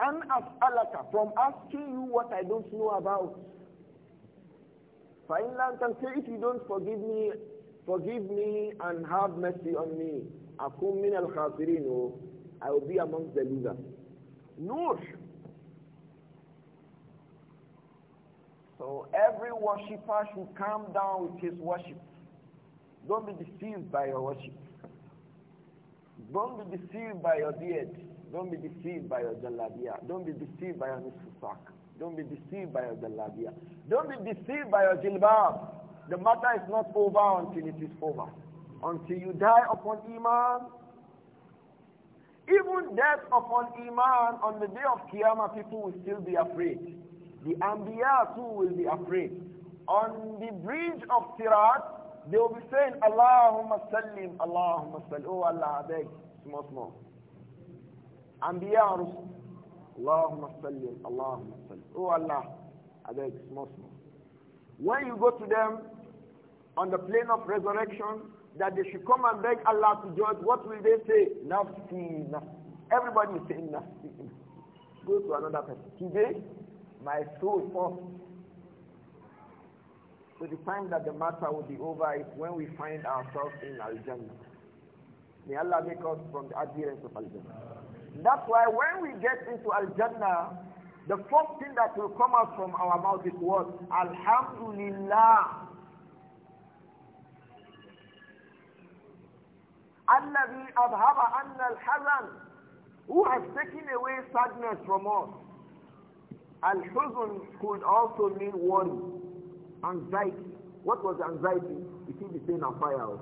أن أسألك from asking you what I don't know about فإلا أن تغفر if you don't forgive me, forgive me and have mercy on me Akum min al khasirin. I will be amongst the losers. Nuh. So every worshipper should calm down with his worship. Don't be deceived by your worship. Don't be deceived by your beard. Don't be deceived by your jalabia. Don't be deceived by your nisfusak. Don't be deceived by your jalabia. Don't be deceived by your jilbab. The matter is not over until it is over until you die upon Iman. Even death upon Iman on the day of Qiyamah, people will still be afraid. The Anbiya too will be afraid. On the bridge of Sirat, they will be saying, Allahumma sallim, Allahumma sallim. Oh Allah, I beg, small, small. Anbiya Allahumma sallim, Allahumma sallim. Oh Allah, I beg, small, small. When you go to them on the plane of resurrection, that they should come and beg Allah to judge, what will they say? Nafsi, nafsi. Everybody is saying nafsi, Go to another person. Today, my soul falls. So the time that the matter will be over is when we find ourselves in Al-Jannah. May Allah make us from the adherents of Al-Jannah. That's why when we get into Al-Jannah, the first thing that will come out from our mouth is what? Alhamdulillah. الذي anna al-Hazan, who has taken away sadness from us Al-Huzn could also mean worry, anxiety. What was anxiety? It is the same as fire.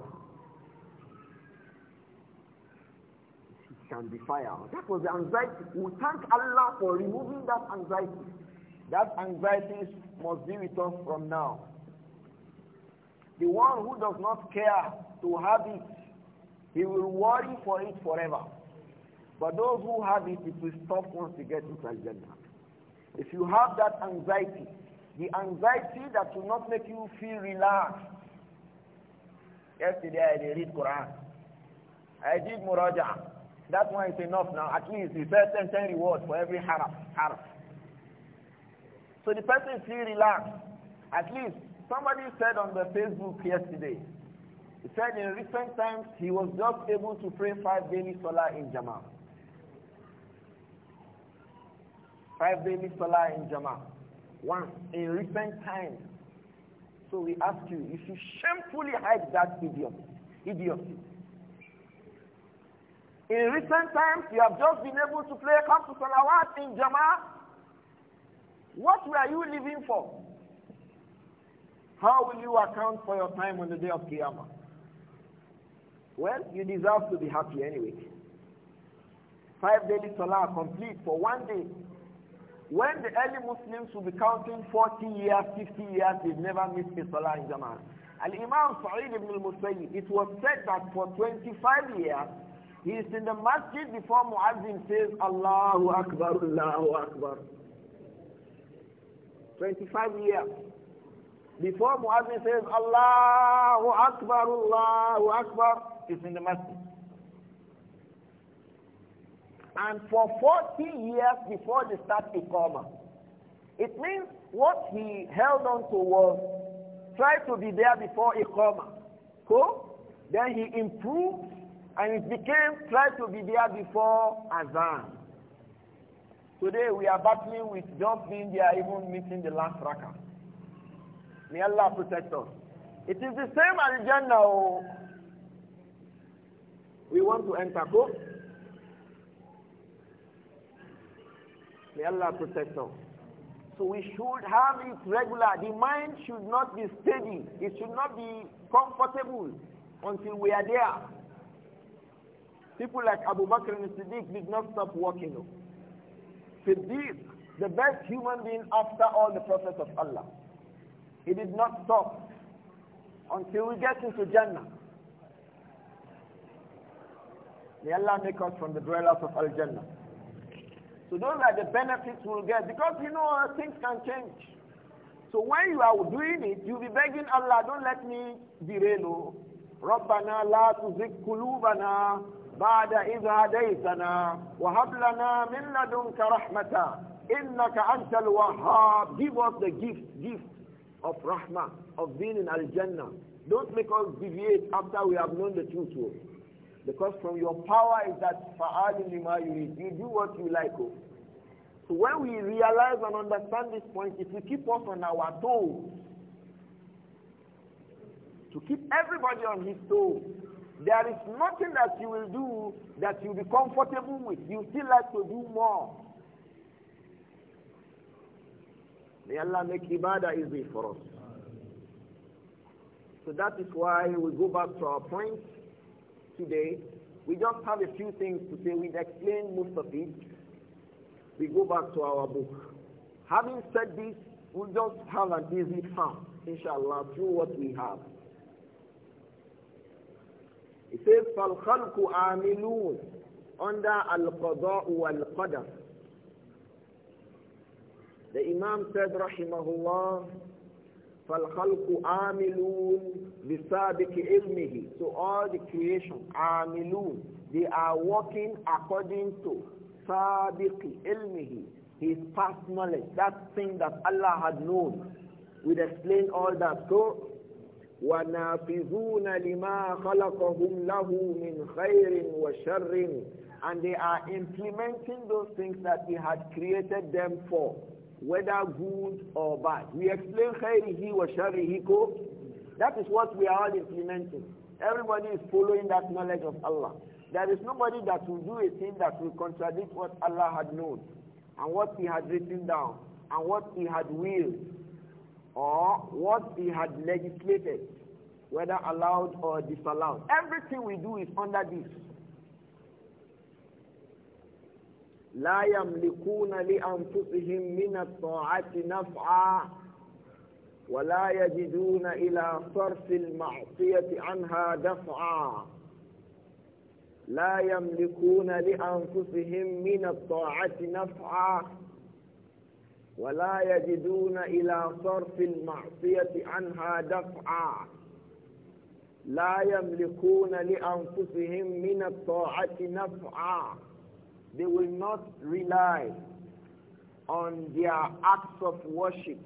It can be fire. That was anxiety. We thank Allah for removing that anxiety. That anxiety must be with us from now. The one who does not care to have it he will worry for it forever. But those who have it, it will stop once they get into jannah If you have that anxiety, the anxiety that will not make you feel relaxed. Yesterday I did read Quran. I did Muraja. That one is enough now. At least the first 10, 10 reward for every haraf, haraf. So the person feel relaxed. At least somebody said on the Facebook yesterday, he said in recent times he was just able to pray five daily salah in Jama'ah. Five daily salah in Jama'ah. Once in recent times. So we ask you, if you shamefully hide that idiot, idiocy. In recent times, you have just been able to play of Salawat in Jama'ah. What were you living for? How will you account for your time on the day of Qiyamah? Well, you deserve to be happy anyway. Five daily salah complete for one day. When the early Muslims will be counting 40 years, 50 years, they've never missed a salah in Jama'ah. Al-Imam Sa'id ibn al-Musayyib, it was said that for 25 years, he is in the masjid before Muazzin says, Allahu Akbar, Allahu Akbar. 25 years. Before Muazzin says, Allahu Akbar, Allahu Akbar, is in the masjid. And for 40 years before they start Iqama, it means what he held on to was try to be there before coma. Cool? Then he improved and it became try to be there before Azan. Today we are battling with just being there even missing the last rakah. May Allah protect us. It is the same as now. Oh we want to enter kufr. May Allah protect us. So we should have it regular. The mind should not be steady. It should not be comfortable until we are there. People like Abu Bakr and Siddiq did not stop working. Siddiq, the best human being after all the prophets of Allah. He did not stop until we get into Jannah. May Allah make us from the dwellers of Al-Jannah. So those are the benefits we'll get because you know uh, things can change. So when you are doing it, you'll be begging Allah, don't let me derail. ربنا لا تزغ قلوبنا بعد إذ هديتنا وهب لنا من لدنك رحمة إنك أنت الوهاب Give us the gift, gift of rahmah, of being in Al-Jannah. Don't make us deviate after we have known the truth. Oh. Because from your power is that fa'ali lima You do what you like. Oh. So when we realize and understand this point, if we keep us on our toes. To keep everybody on his toes. There is nothing that you will do that you'll be comfortable with. You still like to do more. May Allah make ibadah easy for us. So that is why we go back to our point today. We just have a few things to say. We've explained most of it. We go back to our book. Having said this, we'll just have an easy time. inshallah, through what we have. It says, فَالْخَلْقُ آمِنُونَ Under al-qada'u wal-qadar. The Imam said, رحمه الله, فالخلق عاملون بسابق علمه so all the creation عاملون they are working according to سابق علمه his past knowledge that thing that Allah had known we explain all that so ونافذون لما خلقهم له من خير وشر and they are implementing those things that he had created them for whether good or bad. We explain khairihi wa sharrihi ko. That is what we are all implementing. Everybody is following that knowledge of Allah. There is nobody that will do a thing that will contradict what Allah had known and what He had written down and what He had willed or what He had legislated, whether allowed or disallowed. Everything we do is under this. لا يملكون لأنفسهم من الطاعة نفعا ولا يجدون إلى صرف المعصية عنها دفعا لا يملكون لأنفسهم من الطاعة نفعا ولا يجدون إلى صرف المعصية عنها دفعا لا يملكون لأنفسهم من الطاعة نفعا They will not rely on their acts of worship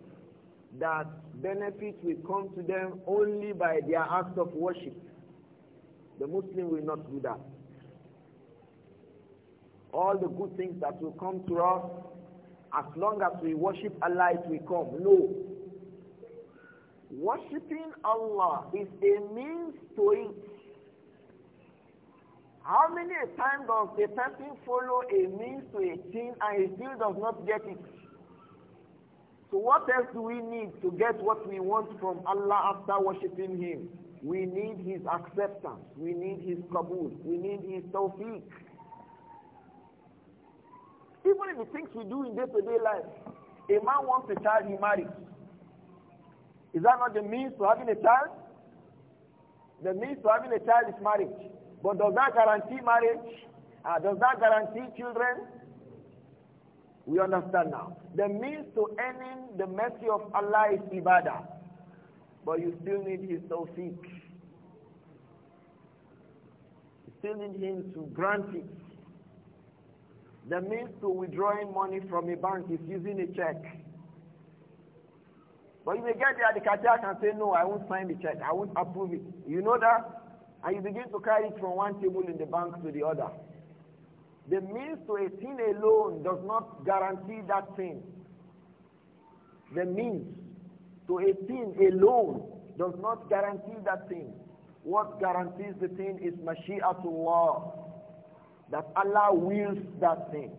that benefits will come to them only by their acts of worship. The Muslim will not do that. All the good things that will come to us, as long as we worship Allah, it will come. No. Worshipping Allah is a means to it. How many times does a person follow a means to a thing and he still does not get it? So what else do we need to get what we want from Allah after worshipping Him? We need His acceptance. We need His kabul. We need His tawfiq. Even in the things we do in day to -day life, a man wants a child, he marries. Is that not the means to having a child? The means to having a child is marriage. But does that guarantee marriage? Uh, does that guarantee children? We understand now. The means to earning the mercy of Allah is ibadah. But you still need his tawfiq. You still need him to grant it. The means to withdrawing money from a bank is using a check. But you may get there, the cashier and say, no, I won't sign the check. I won't approve it. You know that? and you begin to carry it from one table in the bank to the other. The means to a thing alone does not guarantee that thing. The means to a thing alone does not guarantee that thing. What guarantees the thing is Mashi'atullah, that Allah wills that thing.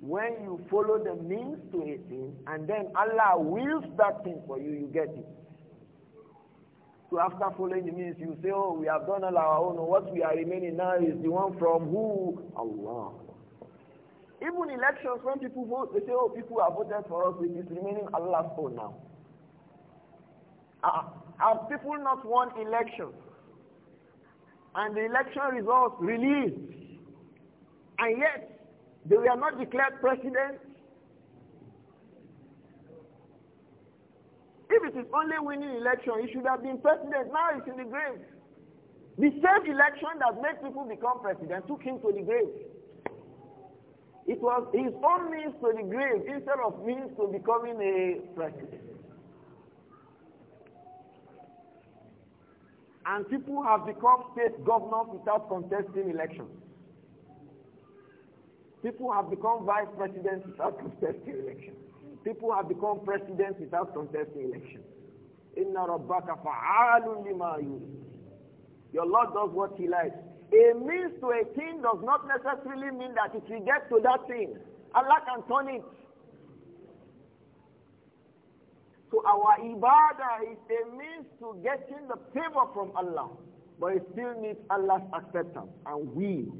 When you follow the means to a thing and then Allah wills that thing for you, you get it. So after following the means, you say, oh, we have done all our own. What we are remaining now is the one from who? Allah. Even elections, when people vote, they say, oh, people have voted for us. It is remaining Allah's own now. Uh, have people not won elections? And the election results released. And yet, they were not declared president. If it is only winning election, he should have been president. Now he's in the grave. The same election that made people become president took him to the grave. It was his own means to the grave instead of means to becoming a president. And people have become state governors without contesting elections. People have become vice presidents without contesting elections. People have become presidents without contesting elections. Inna rabbaka fa'alun lima Your Lord does what he likes. A means to a thing does not necessarily mean that if you get to that thing. Allah can turn it. So our ibadah is a means to getting the favor from Allah. But it still needs Allah's acceptance and will.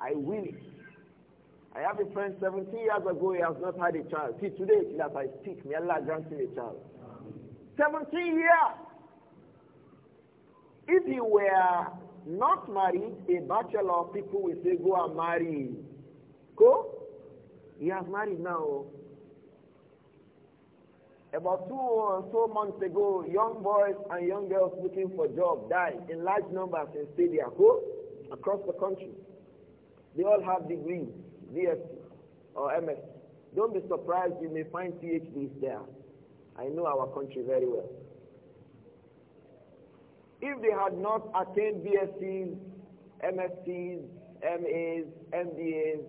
I will it. I have a friend 17 years ago, he has not had a child. See, today, till as I speak, may Allah grant him a child. 17 years! If he were not married, a bachelor, people will say, go and marry. Go? He has married now. About two or so months ago, young boys and young girls looking for jobs died in large numbers in Stadia, across the country. They all have degrees. BSc or MS. Don't be surprised you may find PhDs there. I know our country very well. If they had not attained BScs, MScs, MAs, MBAs,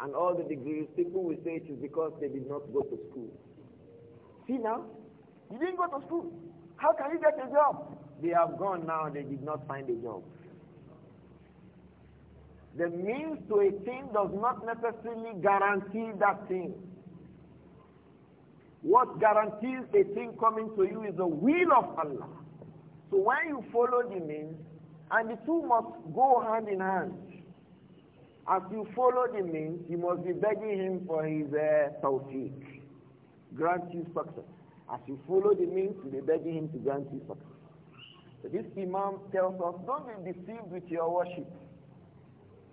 and all the degrees, people will say it is because they did not go to school. See now, you didn't go to school. How can you get a job? They have gone now, they did not find a job. The means to a thing does not necessarily guarantee that thing. What guarantees a thing coming to you is the will of Allah. So when you follow the means, and the two must go hand in hand. As you follow the means, you must be begging him for his uh, tawfiq. Grant you success. As you follow the means, you be begging him to grant you success. So this Imam tells us, don't be deceived with your worship.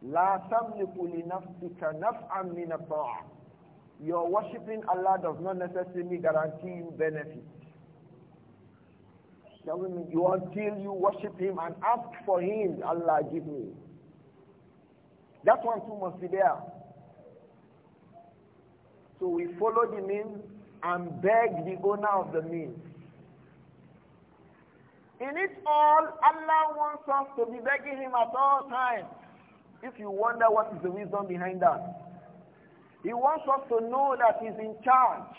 La tamliku li nafsika naf'an min taa Your worshipping Allah does not necessarily guarantee you benefit. you until you worship Him and ask for Him, Allah give me. That one too must be there. So we follow the means and beg the owner of the means. In it all, Allah wants us to be begging Him at all times. If you wonder what is the reason behind that, he wants us to know that he's in charge.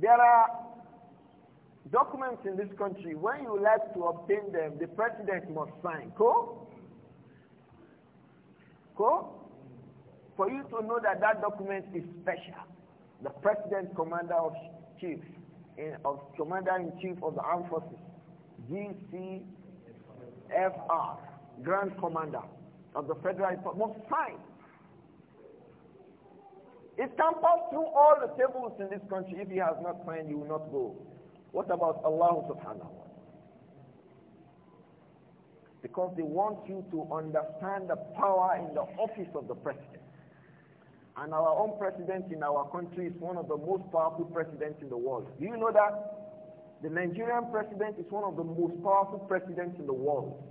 There are documents in this country, when you like to obtain them, the president must sign. Co? Co? For you to know that that document is special. The president commander of chief, of commander in chief of the armed forces, GCFR. Grand Commander of the Federal Republic, must sign. It can pass through all the tables in this country. If he has not signed, you will not go. What about Allah subhanahu wa ta'ala? Because they want you to understand the power in the office of the president. And our own president in our country is one of the most powerful presidents in the world. Do you know that? The Nigerian president is one of the most powerful presidents in the world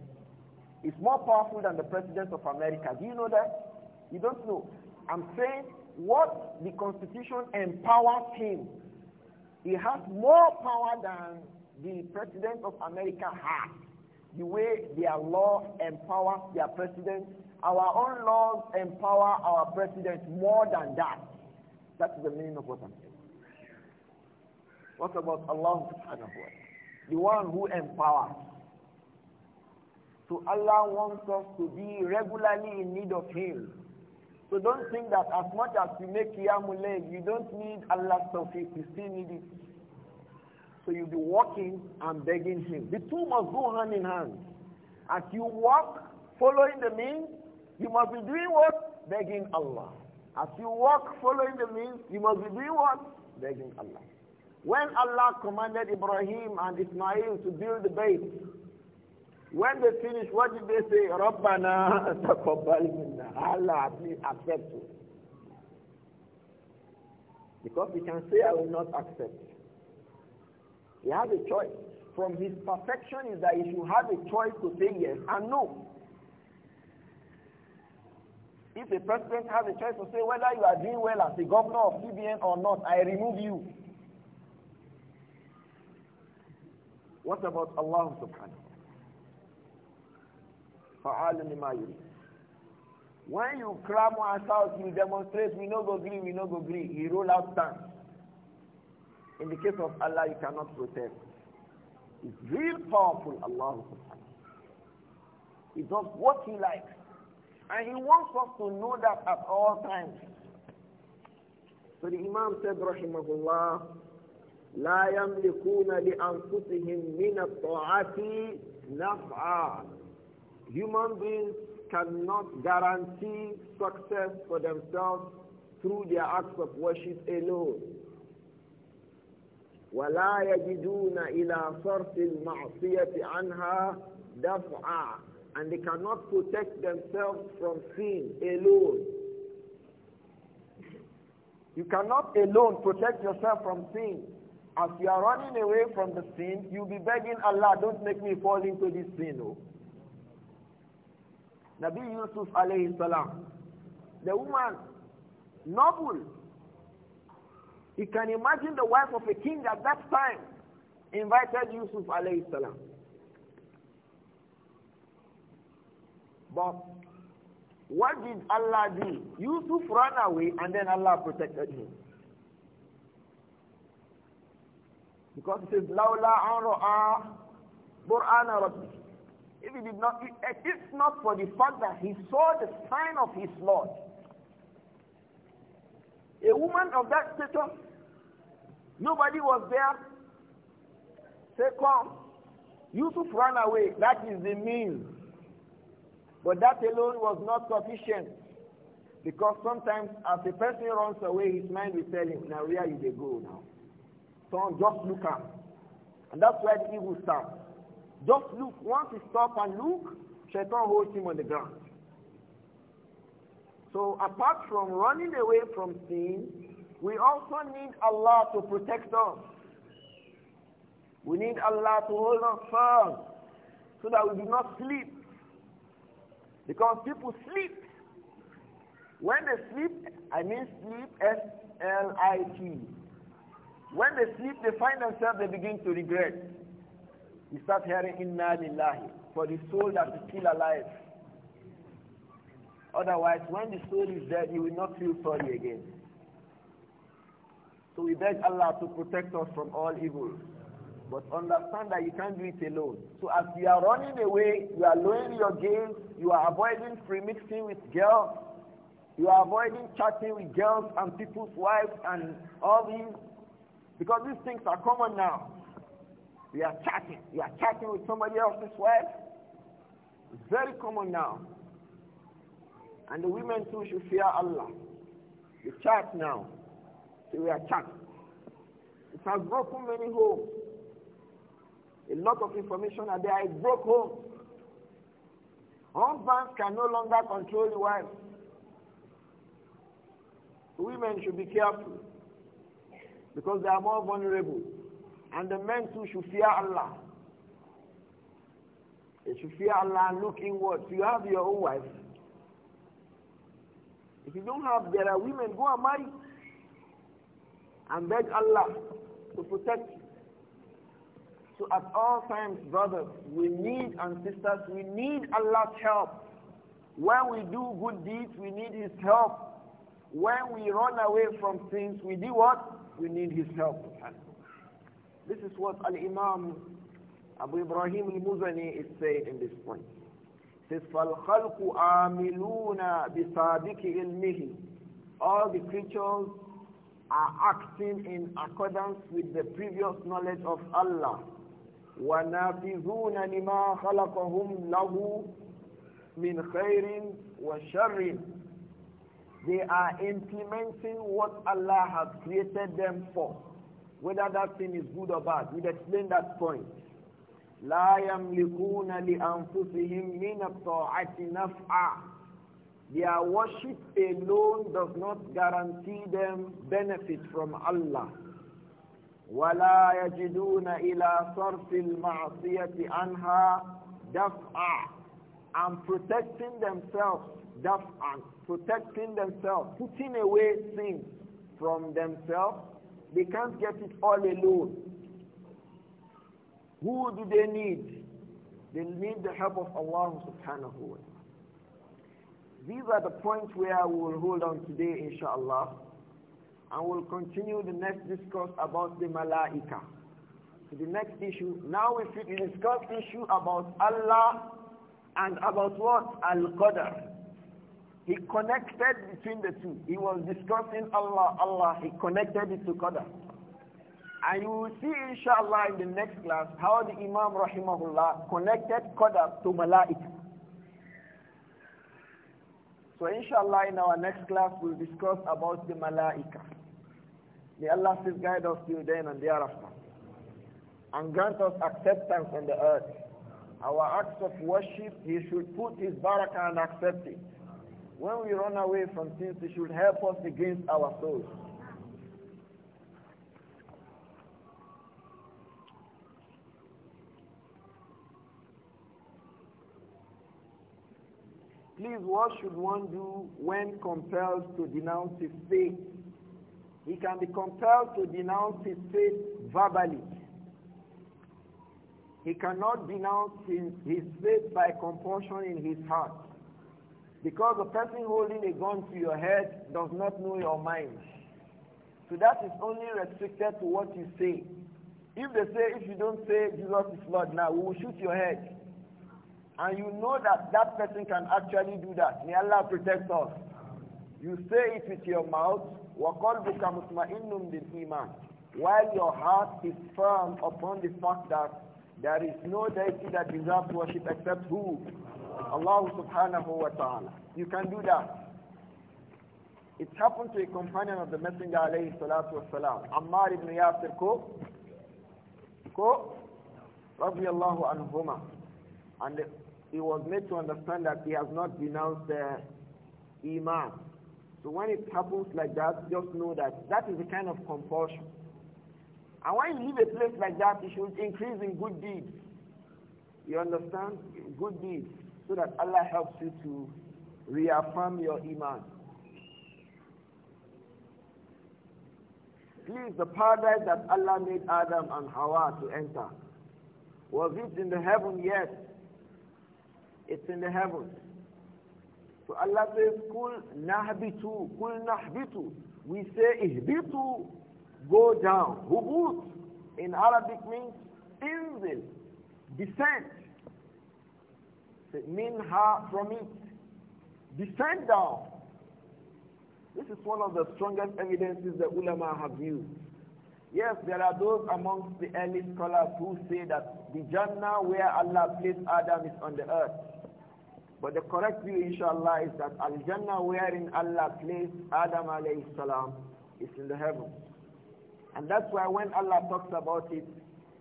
is more powerful than the president of America. Do you know that? You don't know. I'm saying what the constitution empowers him. He has more power than the president of America has. The way their law empowers their president, our own laws empower our president more than that. That's the meaning of what I'm saying. What about Allah subhanahu wa ta'ala? The one who empowers. So Allah wants us to be regularly in need of Him. So don't think that as much as you make Yamulay, you don't need Allah's tawfiq, you still need it. So you'll be walking and begging Him. The two must go hand in hand. As you walk, following the means, you must be doing what? Begging Allah. As you walk, following the means, you must be doing what? Begging Allah. When Allah commanded Ibrahim and Ismail to build the base, when they finish, what did they say? Rabbana taqabbal minna. Allah, please accept it. Because he can say, I will not accept. He has a choice. From his perfection is that he should have a choice to say yes and no. If the president has a choice to say whether you are doing well as the governor of CBN or not, I remove you. What about Allah subhanahu فَعَالٌ لِمَا يُرِيدُ When you cram us south, you demonstrate, we no go agree, we no go agree. He roll out tanks. In the case of Allah, you cannot protest. It's real powerful, Allah. He does what he likes. And he wants us to know that at all times. So the Imam said, Rahimahullah, لا يملكون لأنفسهم من الطاعة نفعا human beings cannot guarantee success for themselves through their acts of worship alone. ولا يجدون إلى صرف المعصية عنها دفعا and they cannot protect themselves from sin alone. You cannot alone protect yourself from sin. As you are running away from the sin, you'll be begging Allah, don't make me fall into this sin. Oh. Nabi Yusuf alayhi salam. The woman, noble. You can imagine the wife of a king at that time invited Yusuf alayhi salam. But what did Allah do? Yusuf ran away and then Allah protected him. Because it says, لَوْلَا أَنْ رَأَى بُرْآنَ if he did not, if not for the fact that he saw the sign of his Lord, a woman of that status, nobody was there. Say, come. Yusuf ran away. That is the means. But that alone was not sufficient. Because sometimes as a person runs away, his mind will tell him, now where you going?" go now? So just look up. And that's where the evil starts. Just look. Once he stops and look, Shaitan holds him on the ground. So apart from running away from sin, we also need Allah to protect us. We need Allah to hold us firm so that we do not sleep. Because people sleep. When they sleep, I mean sleep, S-L-I-T. When they sleep, they find themselves, they begin to regret. We start hearing inna lillahi for the soul that is still alive. Otherwise, when the soul is dead, you will not feel sorry again. So we beg Allah to protect us from all evil. But understand that you can't do it alone. So as you are running away, you are lowering your game. you are avoiding pre-mixing with girls, you are avoiding chatting with girls and people's wives and all these, because these things are common now. You are chatting. We are chatting with somebody else's wife. It's very common now. And the women too should fear Allah. We chat now. So we are chatting. It has broken many homes. A lot of information are there. It broke homes. Husbands can no longer control the wives. Women should be careful because they are more vulnerable. And the men too should fear Allah. They should fear Allah and look if You have your own wife. If you don't have, there are women, go and marry. And beg Allah to protect you. So at all times, brothers, we need, and sisters, we need Allah's help. When we do good deeds, we need His help. When we run away from things, we do what? We need His help. This is what Al-Imam Abu Ibrahim al-Muzani is saying in this point. He says, فَالْخَلْقُ عَامِلُونَ بِسَابِكِ إِلْمِهِ All the creatures are acting in accordance with the previous knowledge of Allah. وَنَافِذُونَ لِمَا خَلَقَهُمْ لَهُ مِنْ خَيْرٍ وَشَرٍ They are implementing what Allah has created them for whether that thing is good or bad. We'll explain that point. لا يملكون لأنفسهم من الطاعة نفعا Their worship alone does not guarantee them benefit from Allah. ولا يجدون إلى صرف المعصية عنها دفعا and protecting themselves دفعا protecting themselves putting away things from themselves they can't get it all alone. Who do they need? They need the help of Allah subhanahu wa ta'ala. These are the points where we will hold on today, inshallah. And we'll continue the next discourse about the malaika. So the next issue, now we discuss issue about Allah and about what? Al-Qadr. He connected between the two. He was discussing Allah, Allah. He connected it to Qadr. And you will see, inshallah, in the next class, how the Imam, rahimahullah, connected Qadr to Malaika. So inshallah, in our next class, we'll discuss about the Malaika. May Allah still guide us till then and thereafter. And grant us acceptance on the earth. Our acts of worship, He should put His barakah and accept it. When we run away from things, it should help us against our souls. Please, what should one do when compelled to denounce his faith? He can be compelled to denounce his faith verbally. He cannot denounce his, his faith by compulsion in his heart. Because the person holding a gun to your head does not know your mind. So that is only restricted to what you say. If they say, if you don't say Jesus is Lord now, we will shoot your head. And you know that that person can actually do that. May Allah protect us. You say it with your mouth, While your heart is firm upon the fact that there is no deity that deserves worship except who? Allah subhanahu wa ta'ala. You can do that. It happened to a companion of the Messenger alayhi salatu wasalam, Ammar ibn Yasir Ko, Ko, radiallahu anhuma. And he was made to understand that he has not denounced the uh, Imam. So when it happens like that, just know that that is a kind of compulsion. And when you leave a place like that, you should increase in good deeds. You understand? Good deeds so that Allah helps you to reaffirm your iman. Please, the paradise that Allah made Adam and Hawa to enter, was it in the heaven? Yes. It's in the heaven. So Allah says, Kul nahbitu, kul nahbitu. We say, ihbitu, go down. Hubut, in Arabic means inzil, Say, her from it. Descend down. This is one of the strongest evidences that ulama have used. Yes, there are those amongst the early scholars who say that the Jannah where Allah placed Adam is on the earth. But the correct view, inshallah, is that Al-Jannah wherein Allah placed Adam alayhi salam is in the heavens. And that's why when Allah talks about it,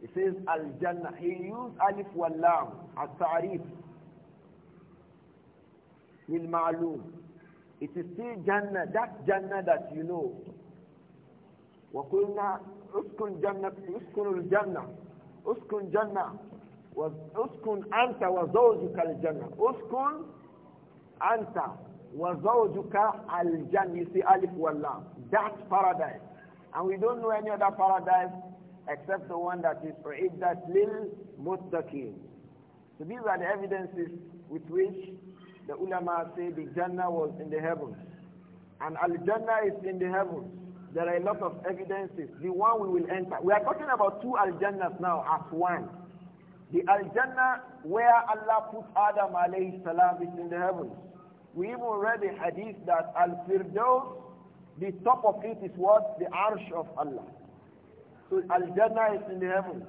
he says Al-Jannah. He used Alif wal Lam as ta'rif lil ma'lum. It is still Jannah, that Jannah that you know. وَقُلْنَا أُسْكُنْ جَنَّةَ أُسْكُنُ الْجَنَّةَ أُسْكُنْ جَنَّةَ أُسْكُنْ أَنْتَ وَزَوْجُكَ الْجَنَّةَ أُسْكُنْ أَنْتَ وَزَوْجُكَ الْجَنَّةَ You see Alif That paradise. And we don't know any other paradise except the one that is that lil Muttaqin. So these are the evidences with which the ulama say the Jannah was in the heavens. And Al-Jannah is in the heavens. There are a lot of evidences. The one we will enter. We are talking about two Al-Jannahs now as one. The Al-Jannah where Allah put Adam alayhi salam is in the heavens. We even read the hadith that Al-Firdaus, the top of it is what? The Arsh of Allah. So Al-Jannah is in the heavens.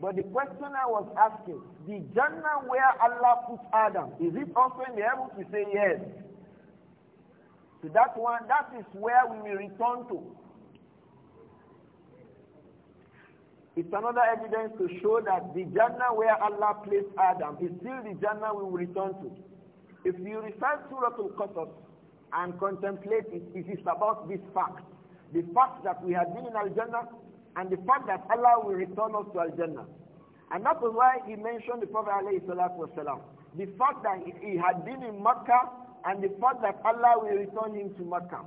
But the question I was asking, the Jannah where Allah put Adam, is it also in the heavens? We say yes. So that one, that is where we will return to. It's another evidence to show that the Jannah where Allah placed Adam is still the Jannah we will return to. If you recite Surah Al-Qasas and contemplate it, it is about this fact. The fact that we have been in Al-Jannah and the fact that Allah will return us to Al-Jannah. And that was why he mentioned the Prophet والسلام, the fact that he had been in Mecca and the fact that Allah will return him to Mecca.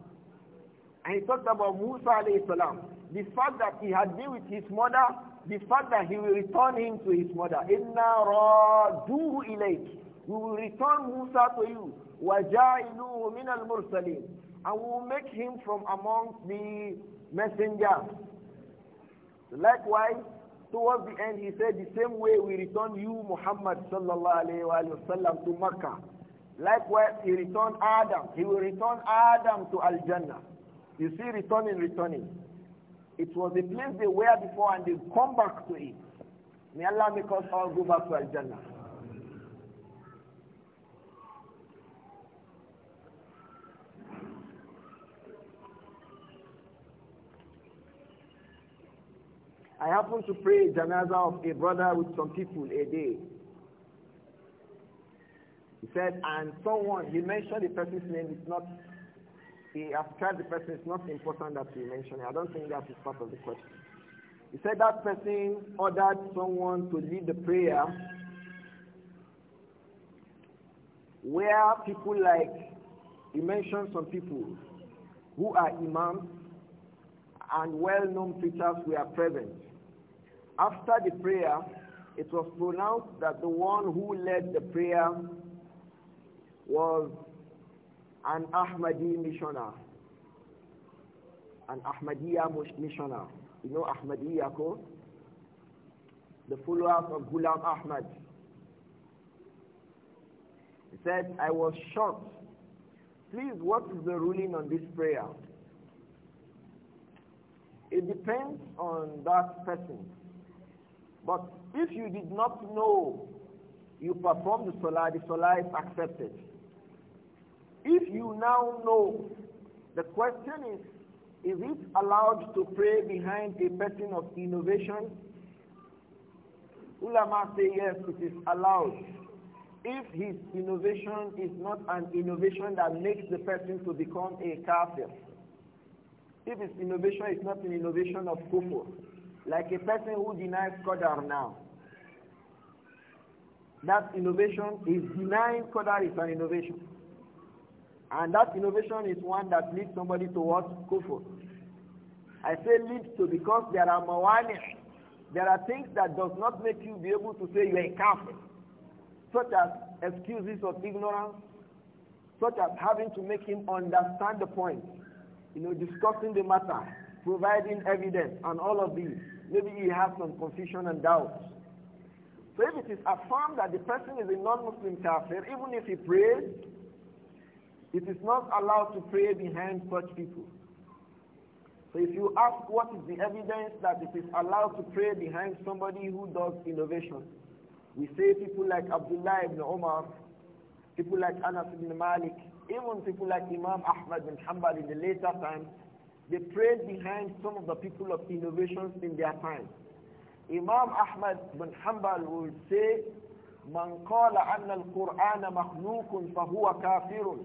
And he talked about Musa والسلام, the fact that he had been with his mother, the fact that he will return him to his mother. Inna raduhu ilayk. We will return Musa to you. Min مِنَ الْمُرْسَلِينَ And we will make him from among the messengers. Likewise, towards the end, he said, the same way we return you, Muhammad sallallahu alayhi wa sallam, to Makkah. Likewise, he returned Adam. He will return Adam to Al-Jannah. You see, returning, returning. It was the place they were before and they come back to it. May Allah make us all go back to Al-Jannah. I happened to pray janaza of a brother with some people a day. He said, and someone, he mentioned the person's name, it's not, he asked the person, it's not important that he mentioned it. I don't think that is part of the question. He said that person ordered someone to lead the prayer where people like, he mentioned some people who are imams and well-known preachers were present. After the prayer, it was pronounced that the one who led the prayer was an Ahmadi missioner. An Ahmadiyya missioner. You know Ahmadiyya, called The followers of Ghulam Ahmad. He said, I was shocked. Please, what is the ruling on this prayer? It depends on that person. But if you did not know you performed the salah, the salah is accepted. If you now know, the question is, is it allowed to pray behind a person of innovation? Ulama say yes, it is allowed. If his innovation is not an innovation that makes the person to become a kafir. If his innovation is not an innovation of kufr. Like a person who denies Qadar now. That innovation is denying Qadar is an innovation. And that innovation is one that leads somebody towards kufr. I say leads to because there are mawani. There are things that does not make you be able to say you are a kafir. Such as excuses of ignorance, such as having to make him understand the point, you know, discussing the matter, providing evidence and all of these. Maybe he has some confusion and doubts. So if it is affirmed that the person is a non-Muslim kafir, even if he prays, it is not allowed to pray behind such people. So if you ask what is the evidence that it is allowed to pray behind somebody who does innovation, we say people like Abdullah ibn Omar, people like Anas ibn Malik, even people like Imam Ahmad bin Hanbal in the later times, they prayed behind some of the people of innovations in their time. Imam Ahmad bin Hanbal would say, Man qala anna al-Qur'ana makhlukun fahuwa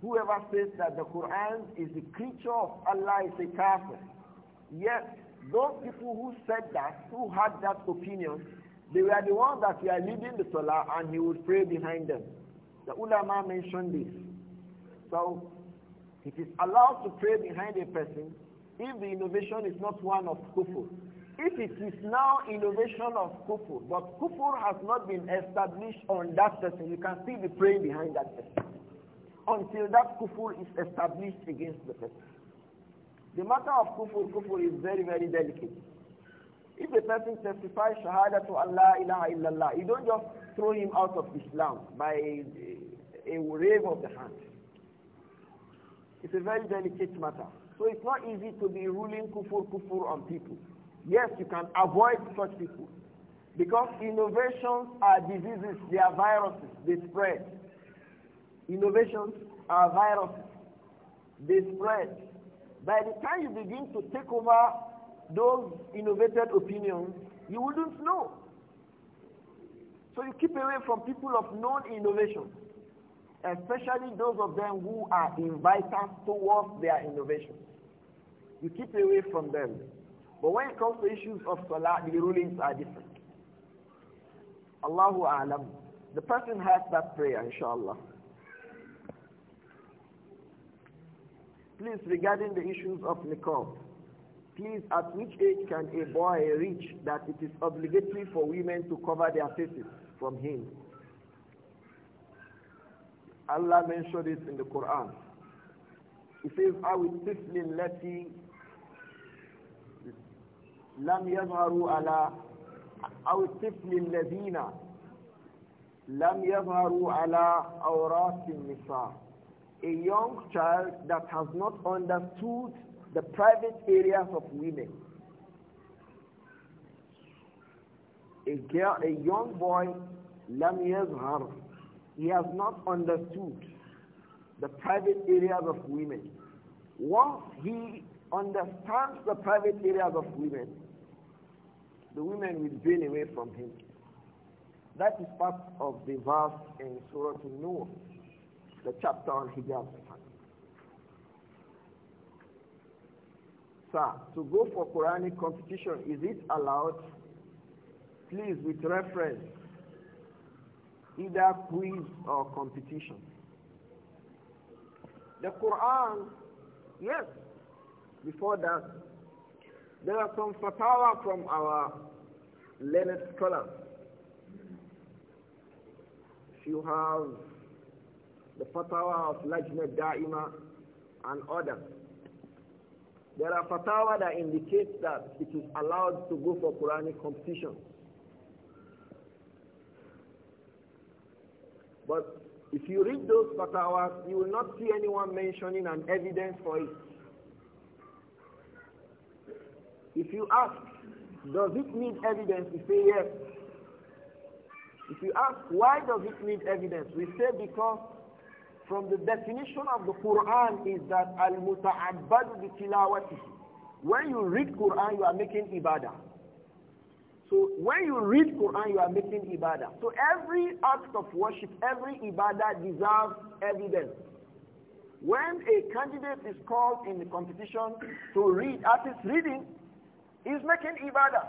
Whoever says that the Qur'an is a creature of Allah is a kafir. Yet, those people who said that, who had that opinion, they were the ones that were leading the Salah and he would pray behind them. The ulama mentioned this. So it is allowed to pray behind a person if the innovation is not one of kufur. If it is now innovation of kufur, but kufur has not been established on that person, you can still be praying behind that person until that kufur is established against the person. The matter of kufur, kufur is very, very delicate. If a person testifies shahada to Allah ilaha illallah, you don't just throw him out of Islam by a wave of the hand. It's a very delicate matter. So it's not easy to be ruling kufur kufur on people. Yes, you can avoid such people. Because innovations are diseases, they are viruses, they spread. Innovations are viruses, they spread. By the time you begin to take over those innovated opinions, you wouldn't know. So you keep away from people of known innovations especially those of them who are invited towards their innovation. You keep away from them. But when it comes to issues of salah, the rulings are different. Allahu A'lam. The person has that prayer, inshallah. Please, regarding the issues of niqab, please, at which age can a boy reach that it is obligatory for women to cover their faces from him? Allah mentioned it in the Quran. He says, I will tiflin lati lam yazharu ala أو الطفل الذين لم يظهروا على أوراق النساء a young child that has not understood the private areas of women a girl a young boy لم يظهر he has not understood the private areas of women. Once he understands the private areas of women, the women will drain away from him. That is part of the verse in Surah An-Nur, the chapter on hijab. Sir, to go for Quranic competition, is it allowed? Please, with reference either quiz or competition. The Quran, yes, before that, there are some fatwa from our learned scholars. If you have the fatwa of Lajna Da'ima and others, there are fatwa that indicate that it is allowed to go for Quranic competition. But if you read those fatwas, you will not see anyone mentioning an evidence for it. If you ask, does it need evidence? We say yes. If you ask, why does it need evidence? We say because from the definition of the Quran is that al-muta'abbadu bi When you read Quran, you are making ibadah. So when you read Quran, you are making ibadah. So every act of worship, every ibadah deserves evidence. When a candidate is called in the competition to read, as it's reading, he's making ibadah.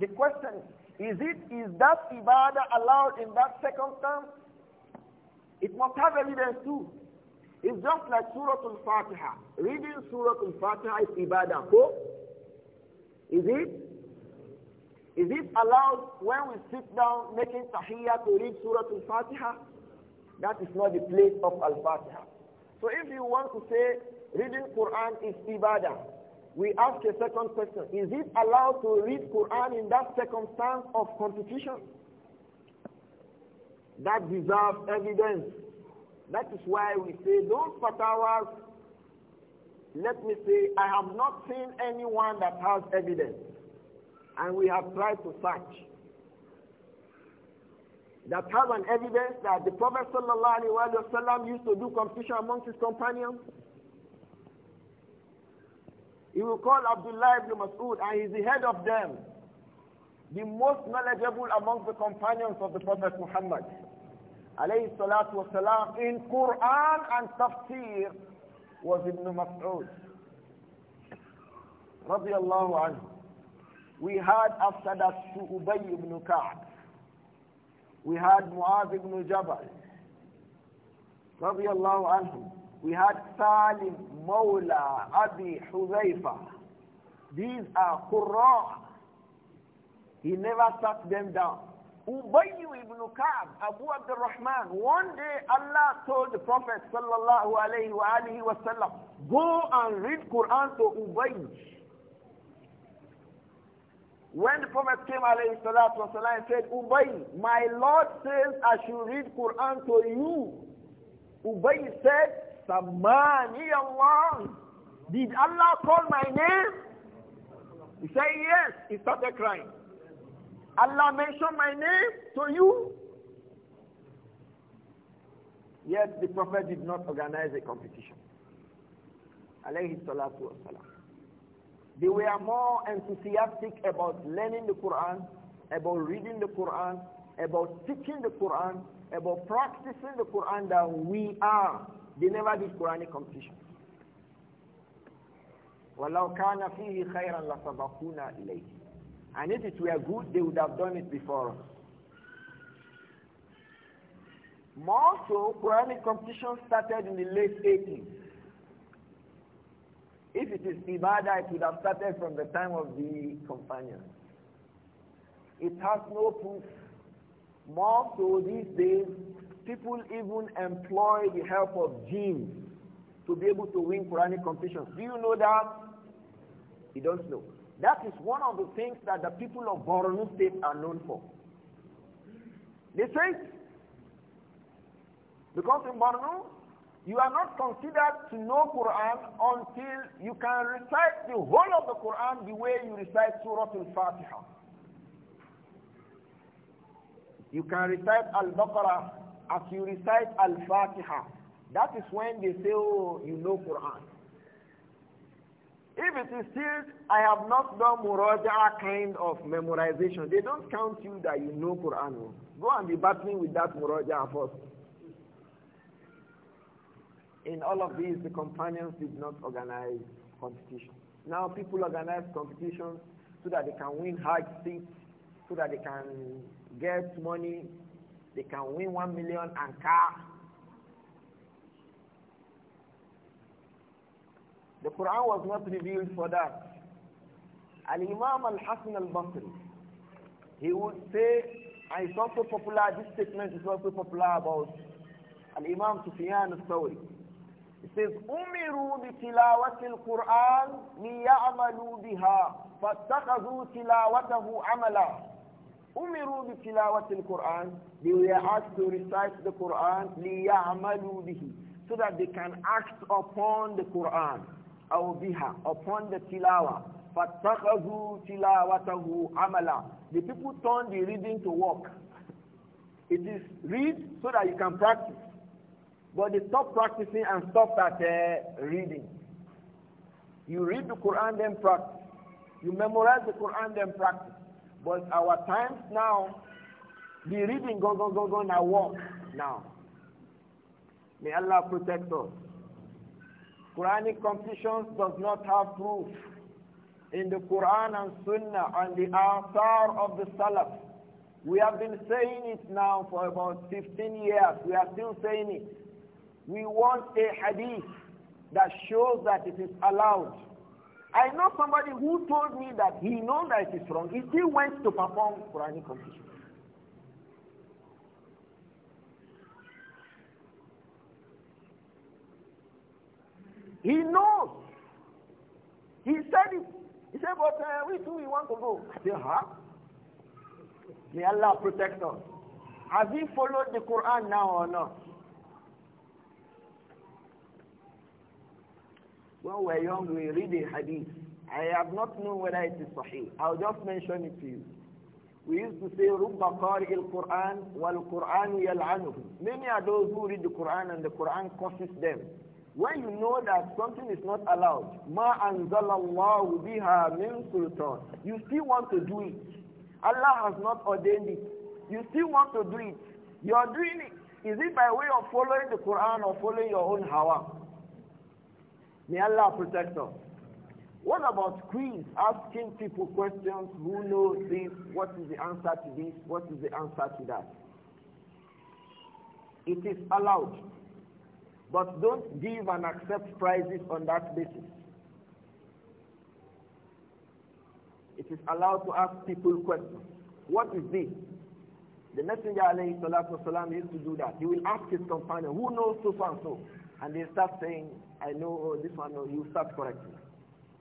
The question is it is that ibadah allowed in that circumstance? It must have evidence too. It's just like Surah Al-Fatiha. Reading Surah Al-Fatiha is ibadah. So, is it? Is it allowed when we sit down making tahiyya to read Surah Al-Fatiha? That is not the place of Al-Fatiha. So if you want to say reading Quran is ibadah, we ask a second question. Is it allowed to read Quran in that circumstance of competition? That deserves evidence. That is why we say those fatwas, let me say, I have not seen anyone that has evidence and we have tried to search that has an evidence that the Prophet ﷺ used to do competition amongst his companions. He will call Abdullah ibn Mas'ud and he's the head of them, the most knowledgeable among the companions of the Prophet Muhammad alayhi salatu wasalam, in Quran and tafsir was Ibn Mas'ud. رضي الله عنه we had after that to Ubay ibn Ka'b. We had Muaz ibn Jabal. Radiallahu anhu. We had Salim Mawla Abi Huzaifa. These are Qurra. He never sat them down. Ubay ibn Ka'b, Abu Abdurrahman, one day Allah told the Prophet sallallahu alayhi wa alihi wasallam, go and read Quran to Ubay. When the Prophet came alayhi salatu wasalam and said, Ubay, my Lord says I should read Quran to you. Ubay said, Samani Allah. Did Allah call my name? He said, yes. He started crying. Allah mentioned my name to you. Yet the Prophet did not organize a competition. Alayhi salatu wasalam. They were more enthusiastic about learning the Quran, about reading the Quran, about teaching the Quran, about practicing the Quran than we are. They never did Quranic competition. وَلَوْ كَانَ فِيهِ خَيْرًا لَسَبَقُونَ إِلَيْهِ And if it were good, they would have done it before us. More so, Quranic competition started in the late 80s. If it is ibadah, it would have started from the time of the companions. It has no proof. More so these days, people even employ the help of genes to be able to win Quranic competitions. Do you know that? You don't know. That is one of the things that the people of Borno State are known for. They say, because in Borno, you are not considered to know Quran until you can recite the whole of the Quran the way you recite Surah Al-Fatiha. You can recite Al-Baqarah as you recite Al-Fatiha. That is when they say, oh, you know Quran. If it is still, I have not done muraja'a kind of memorization, they don't count you that you know Quran. Go and be battling with that muraja'a first in all of these, the companions did not organize competitions. Now people organize competitions so that they can win hard seats, so that they can get money, they can win one million and car. The Quran was not revealed for that. Al-Imam al-Hasan al-Basri, he would say, and it's also popular, this statement is also popular about Al-Imam Sufyan al-Thawri. It says umiru bi tilawati alquran li ya'malu biha fattakhadhu tilawatahu amala umiru bi tilawati alquran li ya'tu recite the quran li ya'malu bihi so that they can act upon the quran aw biha upon the tilawa fattakhadhu tilawatahu amala the people turn the reading to work it is read so that you can practice but they stop practicing and stop at uh, reading. You read the Quran, then practice. You memorize the Quran, then practice. But our times now, the reading go, go, go, go, now walk now. May Allah protect us. Quranic completion does not have proof in the Quran and Sunnah and the Athar of the Salaf. We have been saying it now for about 15 years. We are still saying it. We want a hadith that shows that it is allowed. I know somebody who told me that he knows that it is wrong. He still went to perform Quranic completion. He knows. He said it. He said, but uh, we do, we want to go. I said, huh? May Allah protect us. Has he followed the Quran now or not? When we're young, we read a hadith. I have not known whether it is sahih. I'll just mention it to you. We used to say, رُبَّ قَارِئِ الْقُرْآنِ وَالْقُرْآنُ يَلْعَنُهُ Many are those who read the Quran and the Quran curses them. When you know that something is not allowed, مَا أَنزَلَ اللَّهُ بِهَا مِن سُلْطَانِ You still want to do it. Allah has not ordained it. You still want to do it. You are doing it. Is it by way of following the Quran or following your own hawa? May Allah protect us. What about quiz, asking people questions, who knows this, what is the answer to this, what is the answer to that? It is allowed. But don't give and accept prizes on that basis. It is allowed to ask people questions. What is this? The Messenger alayhi salatu wasalam used to do that. He will ask his companion, who knows so and so? And they start saying, I know, oh, this one, no, you start correctly.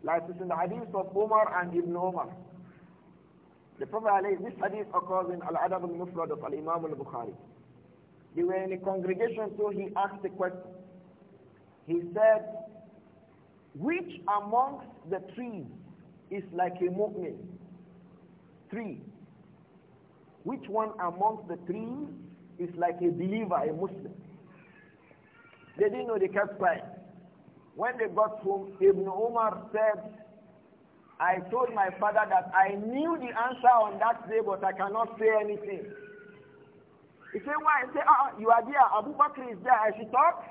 Like it's in the hadith of Umar and Ibn Umar. The Prophet, this hadith occurs in Al-Adab al-Mufrad of Al-Imam al-Bukhari. They were in a congregation, so he asked a question. He said, which amongst the trees is like a mu'min? Three. Which one amongst the trees is like a believer, a Muslim? They didn't know they kept quiet. When they got home, Ibn Umar said, I told my father that I knew the answer on that day, but I cannot say anything. He said, why? He said, ah, ah you are there. Abu Bakr is there. I should talk.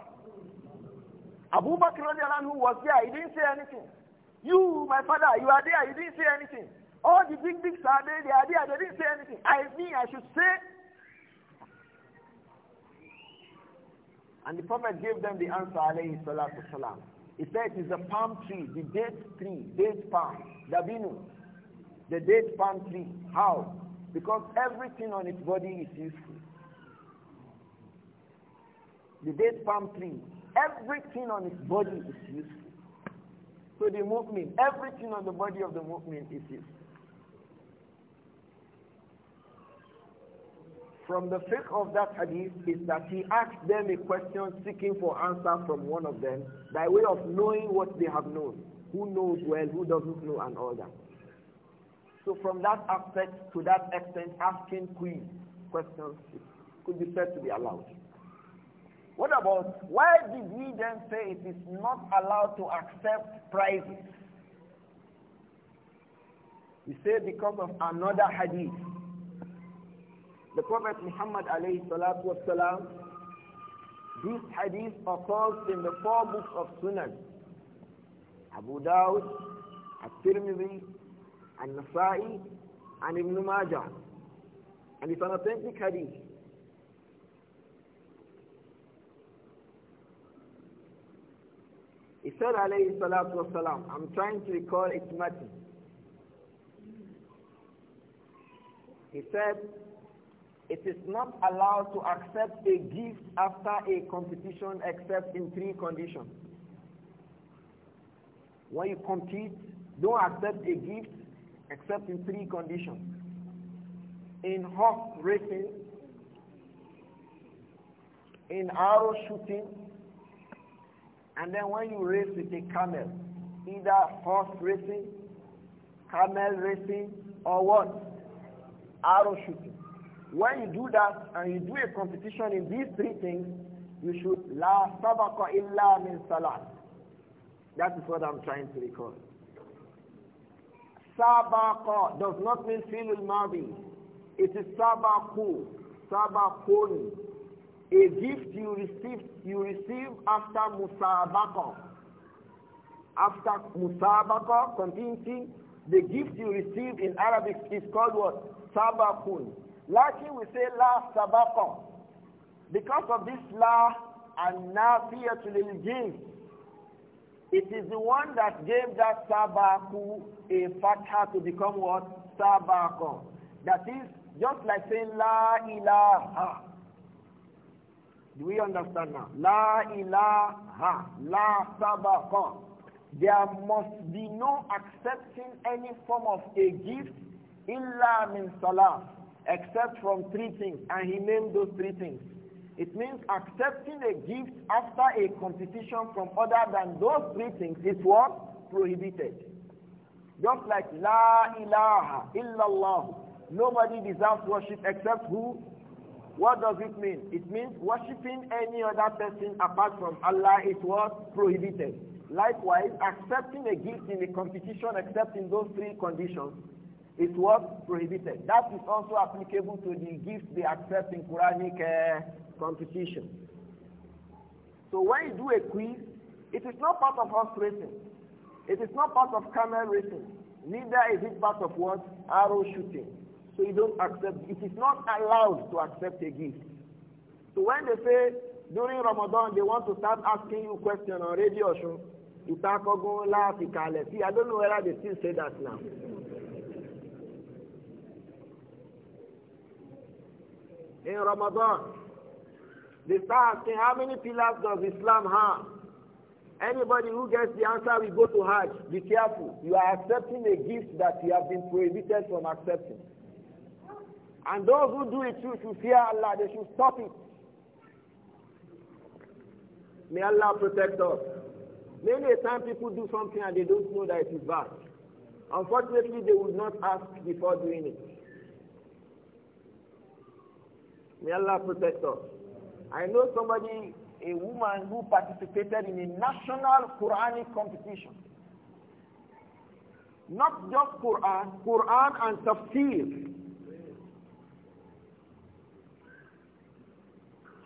Abu Bakr who was there. He didn't say anything. You, my father, you are there. You didn't say anything. All the big, big are there. They are there. They didn't say anything. I mean, I should say. And the Prophet gave them the answer, alayhi salatu salam. He said it is a palm tree, the date tree, date palm, Davinu, the date palm tree. How? Because everything on its body is useful. The date palm tree, everything on its body is useful. So the movement, everything on the body of the movement is useful. From the fiqh of that hadith is that he asked them a question seeking for answer from one of them by way of knowing what they have known. Who knows well, who doesn't know and all that. So from that aspect to that extent, asking quiz questions could be said to be allowed. What about why did we then say it is not allowed to accept prizes? We say because of another hadith. The Prophet Muhammad alayhi salatu wasalam, this hadith occurs in the four books of Sunan. Abu Dawud, At-Tirmidhi, An-Nasai, and Ibn Majah. And it's an authentic hadith. He said, alayhi salatu wasalam, I'm trying to recall its matter. He said, it is not allowed to accept a gift after a competition except in three conditions. When you compete, don't accept a gift except in three conditions. In horse racing, in arrow shooting, and then when you race with a camel, either horse racing, camel racing, or what? Arrow shooting. When you do that and you do a competition in these three things, you should la sabaqa illa min salat. That is what I'm trying to recall. Sabaqa does not mean fil mabi. It is sabaku, sabaqun. A gift you received, you receive after musabaqa. After musabaqa, continuing, the gift you receive in Arabic is called what? Sabaqun. Lucky we say la sabaqa. Because of this la and nafiyatul jins, it is the one that gave that sabaku a fatha to become what? Sabaqa. That is just like saying la ilaha. Do we understand now? La ilaha, la sabaqa. There must be no accepting any form of a gift illa min salah except from three things, and he named those three things. It means accepting a gift after a competition from other than those three things is what? Prohibited. Just like La ilaha illallah. Nobody deserves worship except who? What does it mean? It means worshipping any other person apart from Allah is what? Prohibited. Likewise, accepting a gift in a competition except in those three conditions it was prohibited. That is also applicable to the gifts they accept in Quranic uh, competition. So when you do a quiz, it is not part of horse racing. It is not part of camel racing. Neither is it part of what? Arrow shooting. So you don't accept, it is not allowed to accept a gift. So when they say during Ramadan they want to start asking you questions on radio show, I don't know whether they still say that now. in Ramadan. They start asking how many pillars does Islam have? Anybody who gets the answer will go to Hajj. Be careful. You are accepting a gift that you have been prohibited from accepting. And those who do it too should fear Allah. They should stop it. May Allah protect us. Many a time people do something and they don't know that it is bad. Unfortunately, they will not ask before doing it. May Allah protect us. I know somebody, a woman who participated in a national Quranic competition. Not just Quran, Quran and Tafsir.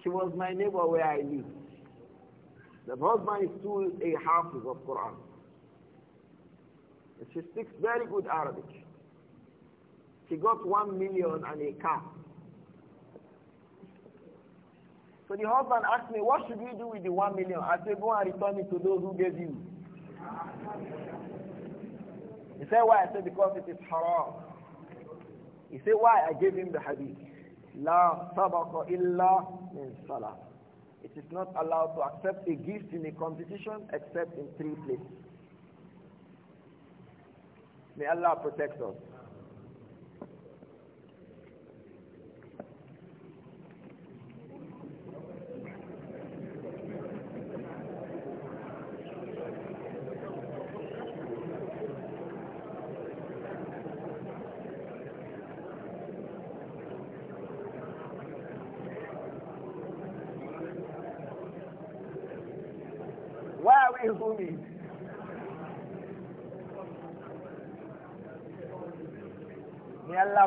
She was my neighbor where I live. The husband is still a half of Quran. she speaks very good Arabic. She got one million and a car So the husband asked me, what should we do with the one million? I said, go and return it to those who gave you. He said, why? I said, because it is haram. He said, why? I gave him the hadith. La sabaqa illa min salah. It is not allowed to accept a gift in a competition except in three places. May Allah protect us.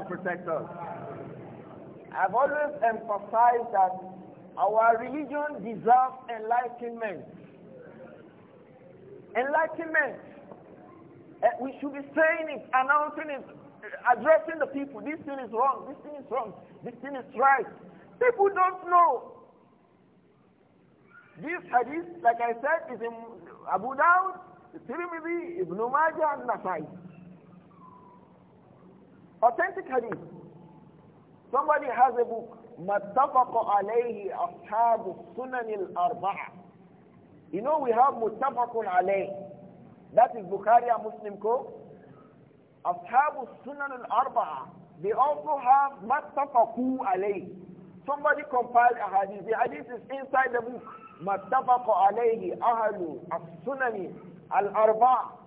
and protect us. I've always emphasized that our religion deserves enlightenment. Enlightenment. Eh, we should be saying it, announcing it, addressing the people. This thing is wrong. This thing is wrong. This thing is right. People don't know. This hadith, like I said, is in Abu Dawud, Tirmidhi, Ibn Majah, and Nasai. Authentic hadith. Somebody has a book, متفق عليه sunan al الأربعة. You know we have متفق alayhi That is Bukhari and Muslim Co. Ashabu Sunan al-Arba'a, they also have Mattafaqu alayhi. Somebody compiled a hadith. The hadith is inside the book. Mattafaqu alayhi ahlu as sunan al-arba'a.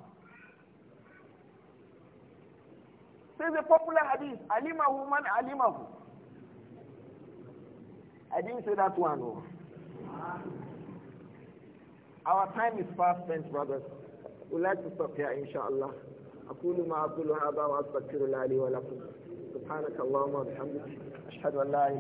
Say the popular hadith, alimahu man alimahu. I didn't say that one. No. Oh. Our time is fast spent, brothers. We'd like to stop here, inshallah. أقول ما أقول هذا وأستغفر الله لي ولكم سبحانك اللهم وبحمدك أشهد أن لا